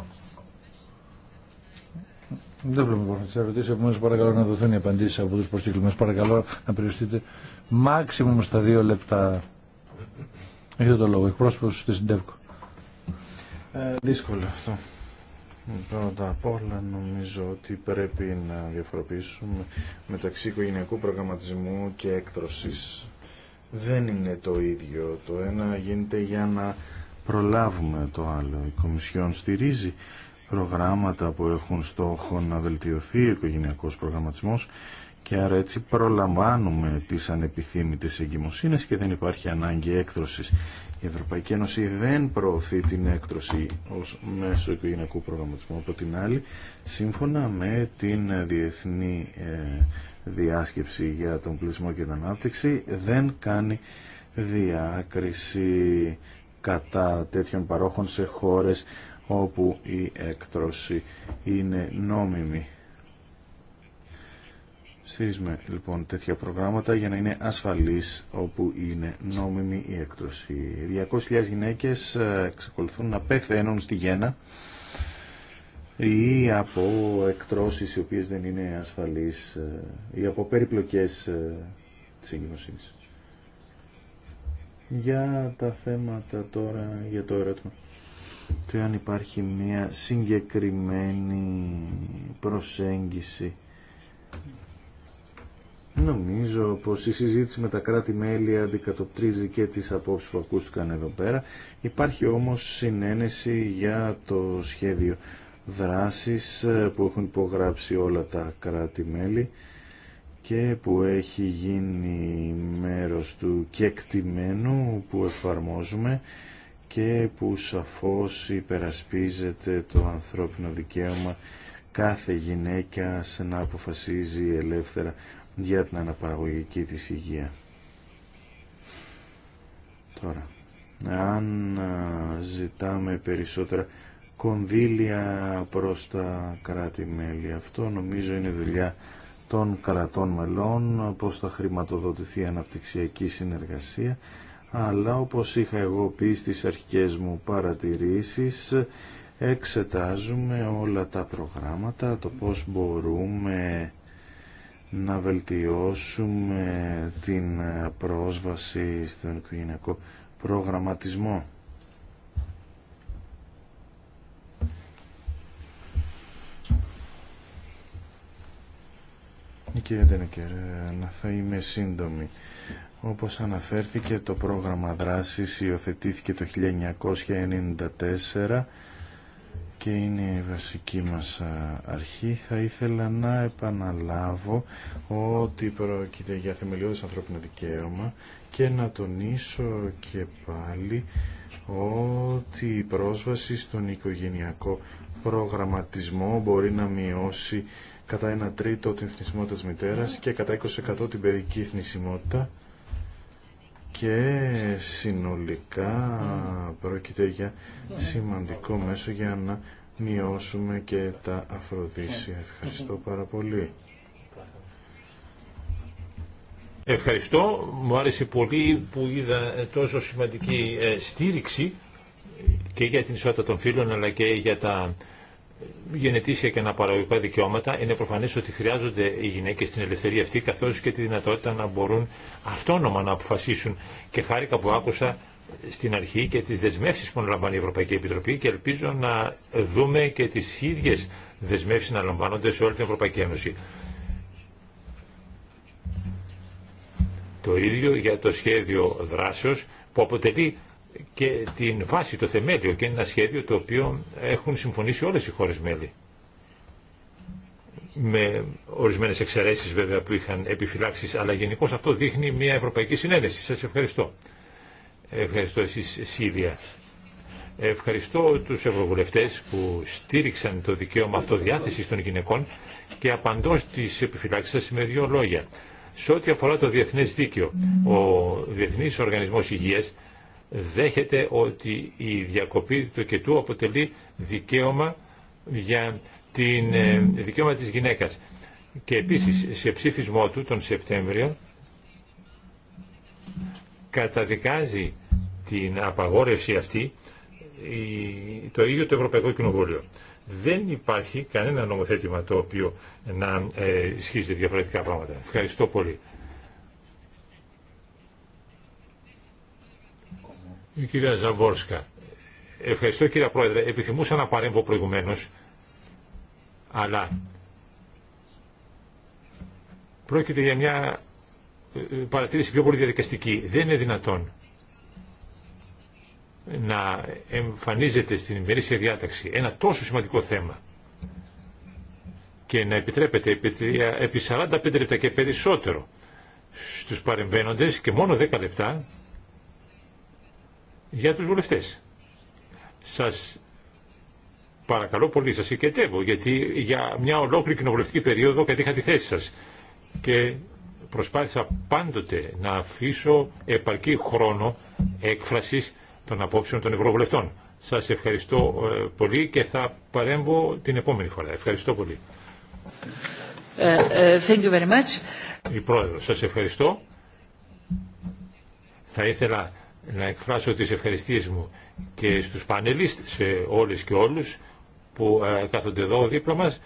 Δεν βλέπουμε να τι ερωτήσει. Επομένω, παρακαλώ να δοθούν οι απαντήσει από του προσκεκλημένου. Παρακαλώ να περιοριστείτε μάξιμουμ στα δύο λεπτά. Έχετε το λόγο. Εκπρόσωπο τη Ντεύκο. Ε, δύσκολο αυτό. Πρώτα απ' όλα νομίζω ότι πρέπει να διαφοροποιήσουμε μεταξύ οικογενειακού προγραμματισμού και έκτρωσης. Δεν είναι το ίδιο. Το ένα γίνεται για να προλάβουμε το άλλο. Η Κομισιόν στηρίζει προγράμματα που έχουν στόχο να βελτιωθεί ο οικογενειακός προγραμματισμός και άρα έτσι προλαμβάνουμε τις ανεπιθύμητες εγκυμοσύνες και δεν υπάρχει ανάγκη έκτρωσης. Η Ευρωπαϊκή Ένωση δεν προωθεί την έκτρωση ως μέσο οικογενειακού προγραμματισμού. Από την άλλη, σύμφωνα με την Διεθνή ε, Διάσκεψη για τον Πλησμό και την Ανάπτυξη, δεν κάνει διάκριση κατά τέτοιων παρόχων σε χώρες όπου η έκτρωση είναι νόμιμη. Στηρίζουμε λοιπόν τέτοια προγράμματα για να είναι ασφαλής όπου είναι νόμιμη η έκτωση. 200.000 γυναίκες ε, εξακολουθούν να πεθαίνουν στη γέννα ή από εκτρώσεις οι οποίες δεν είναι ασφαλείς ε, ή από περιπλοκές ε, της εγκυμοσύνης. Για τα θέματα τώρα, για το ερώτημα και αν υπάρχει μια συγκεκριμένη προσέγγιση Νομίζω πως η συζήτηση με τα κράτη-μέλη αντικατοπτρίζει και τι απόψει που ακούστηκαν εδώ πέρα. Υπάρχει όμως συνένεση για το σχέδιο δράσης ε, που έχουν υπογράψει όλα τα κράτη-μέλη και που έχει γίνει μέρος του κεκτημένου που εφαρμόζουμε και που σαφώς υπερασπίζεται το ανθρώπινο δικαίωμα κάθε γυναίκα να αποφασίζει ελεύθερα για την αναπαραγωγική της υγεία. Τώρα, αν ζητάμε περισσότερα κονδύλια προς τα κράτη-μέλη, αυτό νομίζω είναι δουλειά των κρατών μελών, πώς θα χρηματοδοτηθεί η αναπτυξιακή συνεργασία, αλλά όπως είχα εγώ πει στις αρχικές μου παρατηρήσεις, εξετάζουμε όλα τα προγράμματα, το πώς μπορούμε να βελτιώσουμε την πρόσβαση στον οικογενειακό προγραμματισμό. Κύριε Ντενεκερ, να θα είμαι σύντομη. Όπως αναφέρθηκε, το πρόγραμμα δράσης υιοθετήθηκε το 1994 και είναι η βασική μας αρχή θα ήθελα να επαναλάβω ότι πρόκειται για θεμελιώδες ανθρώπινο δικαίωμα και να τονίσω και πάλι ότι η πρόσβαση στον οικογενειακό προγραμματισμό μπορεί να μειώσει κατά 1 τρίτο την θνησιμότητα της μητέρας και κατά 20% την παιδική θνησιμότητα και συνολικά πρόκειται για σημαντικό μέσο για να μειώσουμε και τα αφροδίσια. Ευχαριστώ πάρα πολύ. Ευχαριστώ. Μου άρεσε πολύ που είδα τόσο σημαντική ε, στήριξη και για την ισότητα των φίλων αλλά και για τα γενετήσια και αναπαραγωγικά δικαιώματα. Είναι προφανές ότι χρειάζονται οι γυναίκες την ελευθερία αυτή καθώς και τη δυνατότητα να μπορούν αυτόνομα να αποφασίσουν. Και χάρηκα που άκουσα στην αρχή και τις δεσμεύσεις που αναλαμβάνει η Ευρωπαϊκή Επιτροπή και ελπίζω να δούμε και τις ίδιες δεσμεύσεις να λαμβάνονται σε όλη την Ευρωπαϊκή Ένωση. Το ίδιο για το σχέδιο δράσεως που αποτελεί και την βάση, το θεμέλιο και είναι ένα σχέδιο το οποίο έχουν συμφωνήσει όλες οι χώρες μέλη. Με ορισμένες εξαιρέσεις βέβαια που είχαν επιφυλάξεις, αλλά γενικώ αυτό δείχνει μια ευρωπαϊκή συνένεση. Σας ευχαριστώ. Ευχαριστώ εσείς Σίλια. Ευχαριστώ τους ευρωβουλευτές που στήριξαν το δικαίωμα αυτοδιάθεσης των γυναικών και απαντώ στις επιφυλάξεις σας με δύο λόγια. Σε ό,τι αφορά το διεθνές δίκαιο, ο Διεθνής Οργανισμός Υγείας δέχεται ότι η διακοπή του κετού αποτελεί δικαίωμα για την ε, δικαίωμα της γυναίκας. Και επίσης σε ψήφισμό του τον Σεπτέμβριο καταδικάζει την απαγόρευση αυτή το ίδιο το Ευρωπαϊκό Κοινοβούλιο. Δεν υπάρχει κανένα νομοθέτημα το οποίο να ε, διαφορετικά πράγματα. Ευχαριστώ πολύ. Η κυρία Ζαμπόρσκα. Ευχαριστώ κύριε Πρόεδρε. Επιθυμούσα να παρέμβω προηγουμένως, αλλά πρόκειται για μια ε, παρατήρηση πιο πολύ διαδικαστική. Δεν είναι δυνατόν να εμφανίζεται στην ημερήσια διάταξη ένα τόσο σημαντικό θέμα και να επιτρέπεται επί 45 λεπτά και περισσότερο στους παρεμβαίνοντες και μόνο 10 λεπτά για τους βουλευτές. Σας παρακαλώ πολύ, σας συγκεντεύω, γιατί για μια ολόκληρη κοινοβουλευτική περίοδο κατήχα τη θέση σας και προσπάθησα πάντοτε να αφήσω επαρκή χρόνο έκφρασης των απόψεων των ευρωβουλευτών. Σας ευχαριστώ ε, πολύ και θα παρέμβω την επόμενη φορά. Ευχαριστώ πολύ. Ε, ε, thank you very much. Η Πρόεδρο, σας ευχαριστώ. Θα ήθελα να εκφράσω τις ευχαριστίες μου και στους πανελίστ, σε όλες και όλους που κάθονται εδώ δίπλα μας.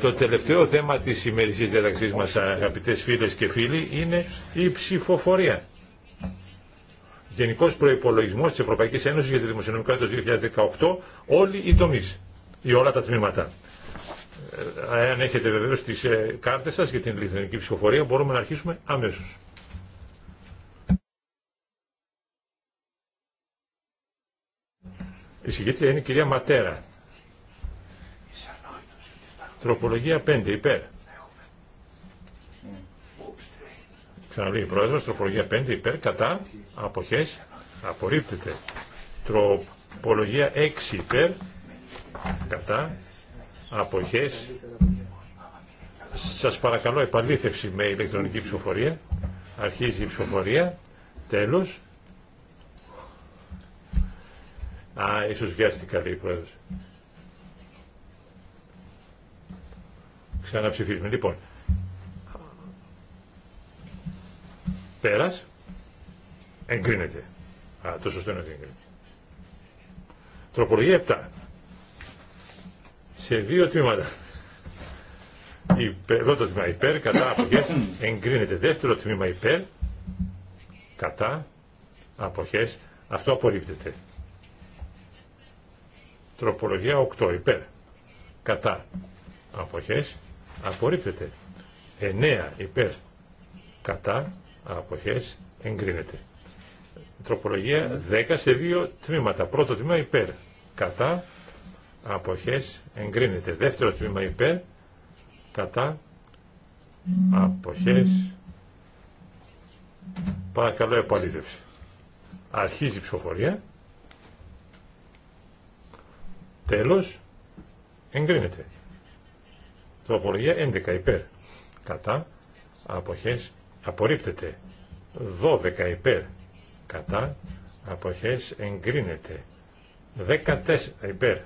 Το τελευταίο θέμα της σημερινής διαταξής μας, αγαπητές φίλες και φίλοι, είναι η ψηφοφορία. Γενικός προϋπολογισμός της Ευρωπαϊκής Ένωσης για τη Δημοσιονομικά του 2018, όλοι οι τομείς, ή όλα τα τμήματα. Ε, αν έχετε βεβαίω τι ε, κάρτε σα για την ηλεκτρονική ψηφοφορία, μπορούμε να αρχίσουμε αμέσω. Η συγκεκριμένη είναι η κυρία Ματέρα. Τροπολογία 5 υπέρ. Ξαναλέει η πρόεδρος, τροπολογία 5 υπέρ, κατά, αποχές, απορρίπτεται. Τροπολογία 6 υπέρ, κατά, αποχές. Σας παρακαλώ επαλήθευση με ηλεκτρονική ψηφοφορία. Αρχίζει η ψηφοφορία. Τέλος. Α, ίσως βιάστηκα λέει η Ξαναψηφίσουμε, Λοιπόν, Πέρα εγκρίνεται. Α, το σωστό είναι ότι εγκρίνεται. Τροπολογία 7. Σε δύο τμήματα. Υπε, πρώτο τμήμα υπέρ, κατά αποχές, εγκρίνεται. Δεύτερο τμήμα υπέρ, κατά αποχές, αυτό απορρίπτεται. Τροπολογία 8 υπέρ, κατά αποχές, απορρίπτεται. 9 υπέρ κατά αποχές εγκρίνεται. Τροπολογία 10 σε δύο τμήματα. Πρώτο τμήμα υπέρ κατά αποχές εγκρίνεται. Δεύτερο τμήμα υπέρ κατά αποχές παρακαλώ επαλήθευση. Αρχίζει η ψηφοφορία. Τέλος εγκρίνεται. Τροπολογία 11 υπέρ. Κατά. Αποχές απορρίπτεται. 12 υπέρ. Κατά. Αποχές εγκρίνεται. 14 υπέρ.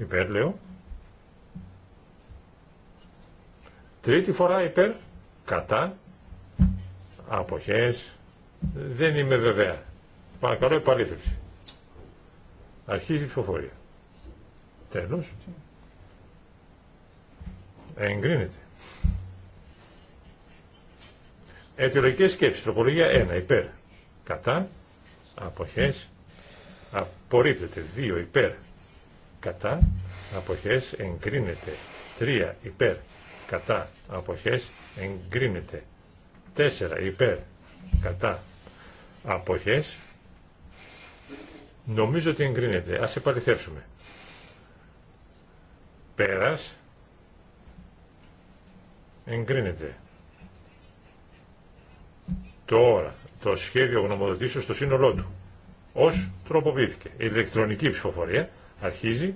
Υπέρ λέω. Τρίτη φορά υπέρ. Κατά. Αποχές. Δεν είμαι βεβαία. Παρακαλώ επαλήθευση. Αρχίζει η ψηφοφορία. Τέλος. Εγκρίνεται. Αιτιολογικές σκέψεις. Τροπολογία 1. Υπέρ. Κατά. Αποχές. Απορρίπτεται. 2. Υπέρ. Κατά. Αποχές. Εγκρίνεται. 3. Υπέρ. Κατά. Αποχές. Εγκρίνεται. 4. Υπέρ. Κατά. Αποχές. Νομίζω ότι εγκρίνεται. Ας επαληθεύσουμε. Πέρας. Εγκρίνεται. Τώρα, το σχέδιο γνωμοδοτήσεω στο σύνολό του. Ω τροποποιήθηκε. Η ηλεκτρονική ψηφοφορία αρχίζει.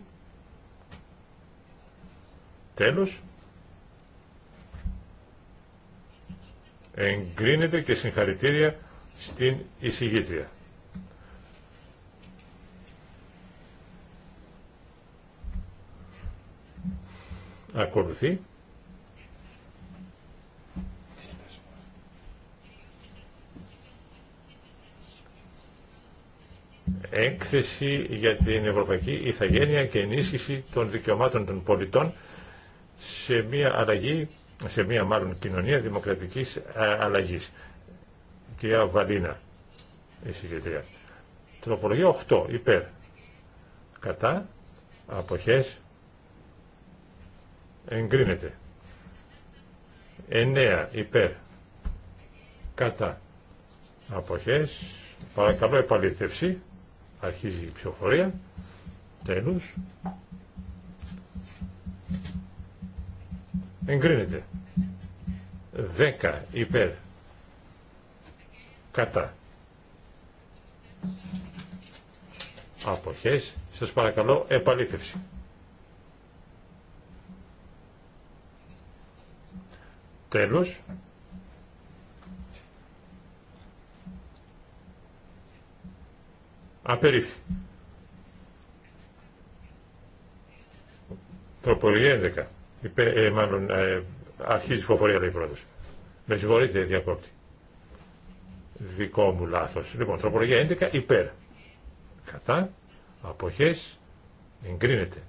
Τέλος. Εγκρίνεται και συγχαρητήρια στην εισηγήτρια. Ακολουθεί. έκθεση για την Ευρωπαϊκή Ιθαγένεια και ενίσχυση των δικαιωμάτων των πολιτών σε μια αλλαγή, σε μια μάλλον κοινωνία δημοκρατικής ε, αλλαγής. Κυρία Βαλίνα, η συγκεκριά. Τροπολογία 8, υπέρ. Κατά, αποχές, εγκρίνεται. 9, υπέρ. Κατά, αποχές, παρακαλώ επαλήθευση. Αρχίζει η ψηφοφορία. Τέλος. Εγκρίνεται. 10 υπέρ. Κατά. Αποχές. Σας παρακαλώ επαλήθευση. Τέλος. Απερίφθη. Τροπολογία 11. ε, μάλλον ε, αρχίζει η ψηφοφορία λέει πρώτος. Με συγχωρείτε διακόπτη. Δικό μου λάθος. Λοιπόν, τροπολογία 11 υπέρ. Κατά. Αποχές. Εγκρίνεται.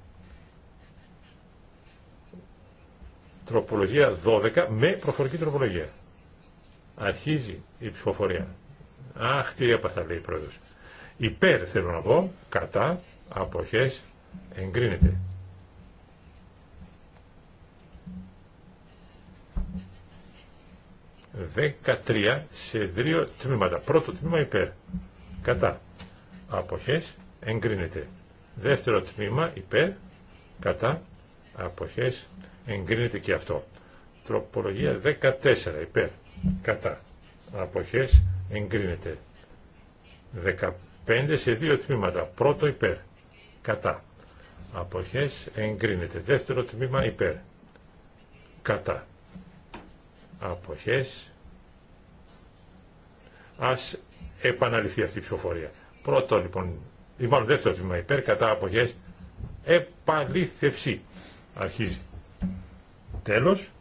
Τροπολογία 12 με προφορική τροπολογία. Αρχίζει η ψηφοφορία. Αχ, τι έπαθα λέει η πρόεδρος. Υπέρ θέλω να πω, κατά, αποχές, εγκρίνεται. Δεκατρία σε δύο τμήματα. Πρώτο τμήμα υπέρ, κατά, αποχές, εγκρίνεται. Δεύτερο τμήμα υπέρ, κατά, αποχές, εγκρίνεται και αυτό. Τροπολογία 14 υπέρ, κατά, αποχές, εγκρίνεται. Πέντε σε δύο τμήματα. Πρώτο υπέρ. Κατά. Αποχές εγκρίνεται. Δεύτερο τμήμα υπέρ. Κατά. Αποχές. Ας επαναληφθεί αυτή η ψηφοφορία. Πρώτο λοιπόν, ή μάλλον δεύτερο τμήμα υπέρ, κατά αποχές, επαλήθευση. Αρχίζει. Τέλος.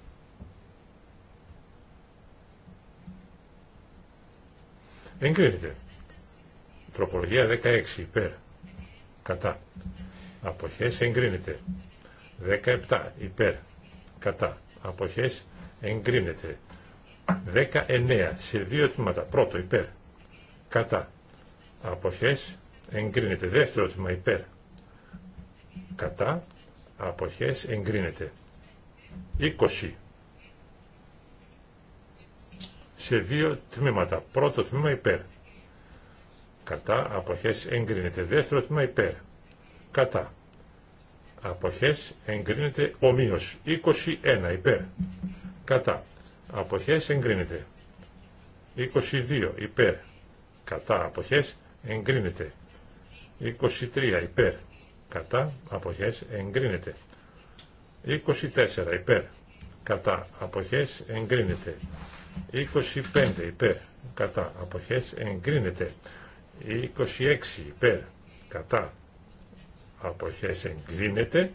Εγκρίνεται. Τροπολογία 16 υπέρ. Κατά. Αποχές εγκρίνεται. 17 υπέρ. Κατά. Αποχές εγκρίνεται. 19 σε δύο τμήματα. Πρώτο υπέρ. Κατά. Αποχές εγκρίνεται. Δεύτερο τμήμα υπέρ. Κατά. Αποχές εγκρίνεται. 20 σε δύο τμήματα. Πρώτο τμήμα υπέρ κατά αποχές εγκρίνεται. Δεύτερο τμήμα υπέρ, κατά αποχές εγκρίνεται ομοίως. 21 υπέρ, κατά αποχές εγκρίνεται. 22 υπέρ, κατά αποχές εγκρίνεται. 23 υπέρ, κατά αποχές εγκρίνεται. 24 υπέρ, κατά αποχές εγκρίνεται. 25 υπέρ, κατά αποχές εγκρίνεται. 26 υπέρ κατά αποχές εγκρίνεται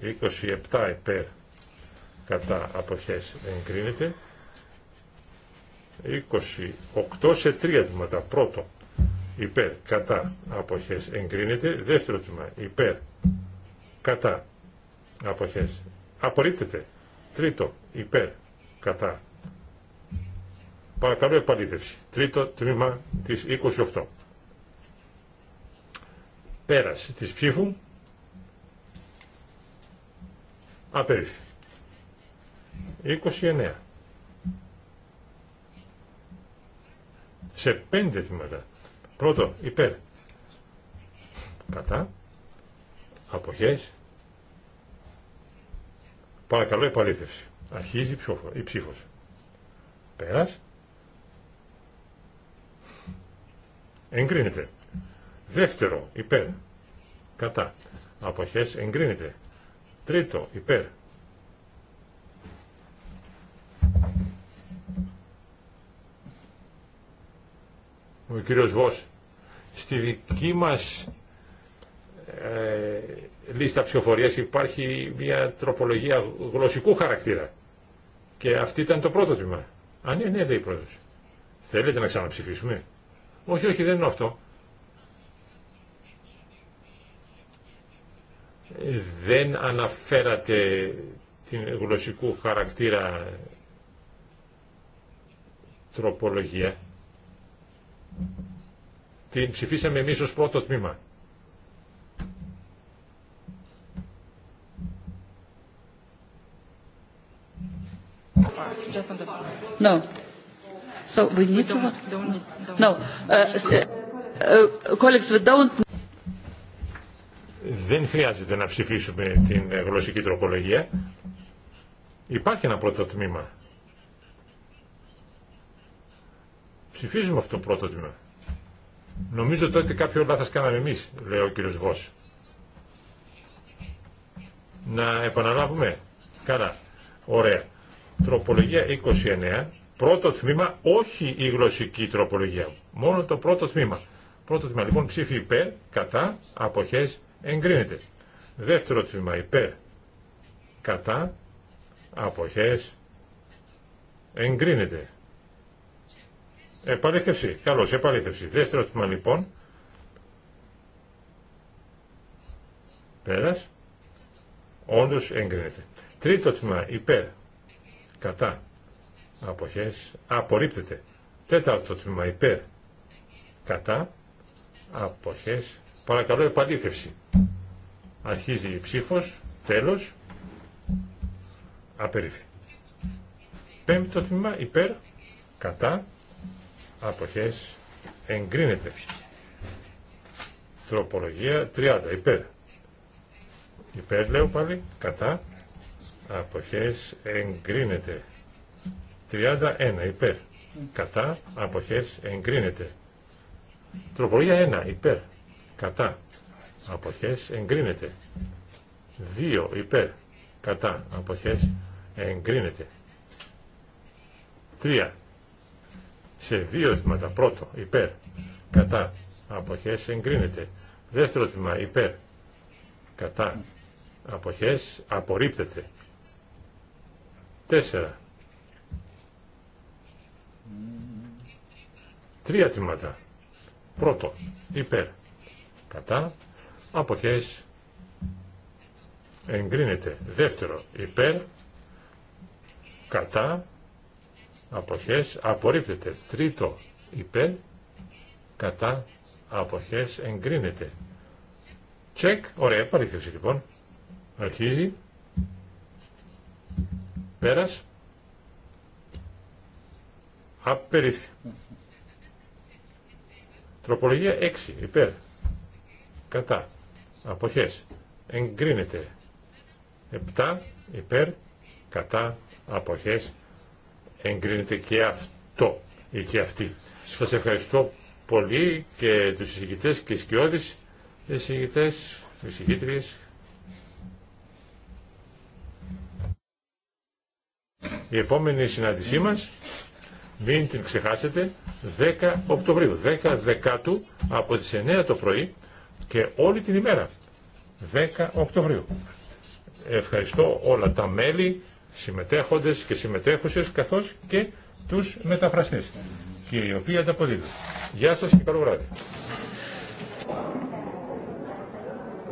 27 υπέρ κατά αποχές εγκρίνεται 28 σε τρία τμήματα πρώτο υπέρ κατά αποχές εγκρίνεται δεύτερο τμήμα υπέρ κατά αποχές απορρίπτεται τρίτο υπέρ κατά παρακαλώ επαλήθευση τρίτο τμήμα της 28 Πέραση της ψήφου. Απερίφθη. 29. Σε πέντε θυμάτα. Πρώτο, υπέρ. Κατά. Αποχές. Παρακαλώ επαλήθευση. Αρχίζει ψήφο, η ψήφος. Πέρας. Εγκρίνεται. Δεύτερο, υπέρ. Κατά. Αποχές εγκρίνεται. Τρίτο, υπέρ. Ο κύριος Βος, στη δική μας ε, λίστα ψηφοφορίας υπάρχει μια τροπολογία γλωσσικού χαρακτήρα. Και αυτή ήταν το πρώτο τμήμα. Α, ναι, ναι, λέει η πρόεδρος. Θέλετε να ξαναψηφίσουμε. Όχι, όχι, δεν είναι αυτό. δεν αναφέρατε την γλωσσικού χαρακτήρα τροπολογία. Την ψηφίσαμε εμείς ως πρώτο τμήμα. No. So we need to. No. Uh, uh, uh, colleagues, we don't δεν χρειάζεται να ψηφίσουμε την γλωσσική τροπολογία. Υπάρχει ένα πρώτο τμήμα. Ψηφίζουμε αυτό το πρώτο τμήμα. Νομίζω τότε κάποιο λάθος κάναμε εμείς, λέει ο κύριος Βός. Να επαναλάβουμε. Καλά. Ωραία. Τροπολογία 29. Πρώτο τμήμα, όχι η γλωσσική τροπολογία. Μόνο το πρώτο τμήμα. Πρώτο τμήμα λοιπόν ψήφι υπέρ, κατά, αποχές, εγκρίνεται. Δεύτερο τμήμα υπέρ κατά αποχές εγκρίνεται. Επαλήθευση. Καλώς, επαλήθευση. Δεύτερο τμήμα λοιπόν. Πέρας. Όντως εγκρίνεται. Τρίτο τμήμα υπέρ κατά αποχές απορρίπτεται. Τέταρτο τμήμα υπέρ κατά αποχές Παρακαλώ επαλήθευση. Αρχίζει η ψήφος, τέλος, απερίφθη. Πέμπτο τμήμα υπέρ, κατά, αποχές, εγκρίνεται. Τροπολογία 30, υπέρ. Υπέρ λέω πάλι, κατά, αποχές, εγκρίνεται. 31, υπέρ, κατά, αποχές, εγκρίνεται. Τροπολογία 1, υπέρ κατά αποχές εγκρίνεται 2 υπέρ κατά αποχές εγκρίνεται Τρία σε δύο τμήματα πρώτο υπέρ κατά αποχές εγκρίνεται δεύτερο τμήμα υπέρ κατά αποχές απορρίπτεται Τέσσερα Τρία τμήματα. Πρώτο, υπέρ, κατά, αποχές, εγκρίνεται. Δεύτερο, υπέρ, κατά, αποχές, απορρίπτεται. Τρίτο, υπέρ, κατά, αποχές, εγκρίνεται. Τσεκ, ωραία, παρήθευση λοιπόν. Αρχίζει. Πέρας. Απερίφθη. Τροπολογία 6, υπέρ κατά, αποχές, εγκρίνεται. 7 υπέρ, κατά, αποχές, εγκρίνεται και αυτό ή και αυτή. Σας ευχαριστώ πολύ και τους συζητητές και σκιώδεις εισηγητές, εισηγήτριες. Η επόμενη συνάντησή μας, μην την ξεχάσετε, 10 Οκτωβρίου, 10 Δεκάτου από τις 9 το πρωί και όλη την ημέρα, 10 Οκτωβρίου. Ευχαριστώ όλα τα μέλη, συμμετέχοντες και συμμετέχουσες, καθώς και τους μεταφραστές και οι οποίοι ανταποδίδουν. Γεια σας και καλό βράδυ.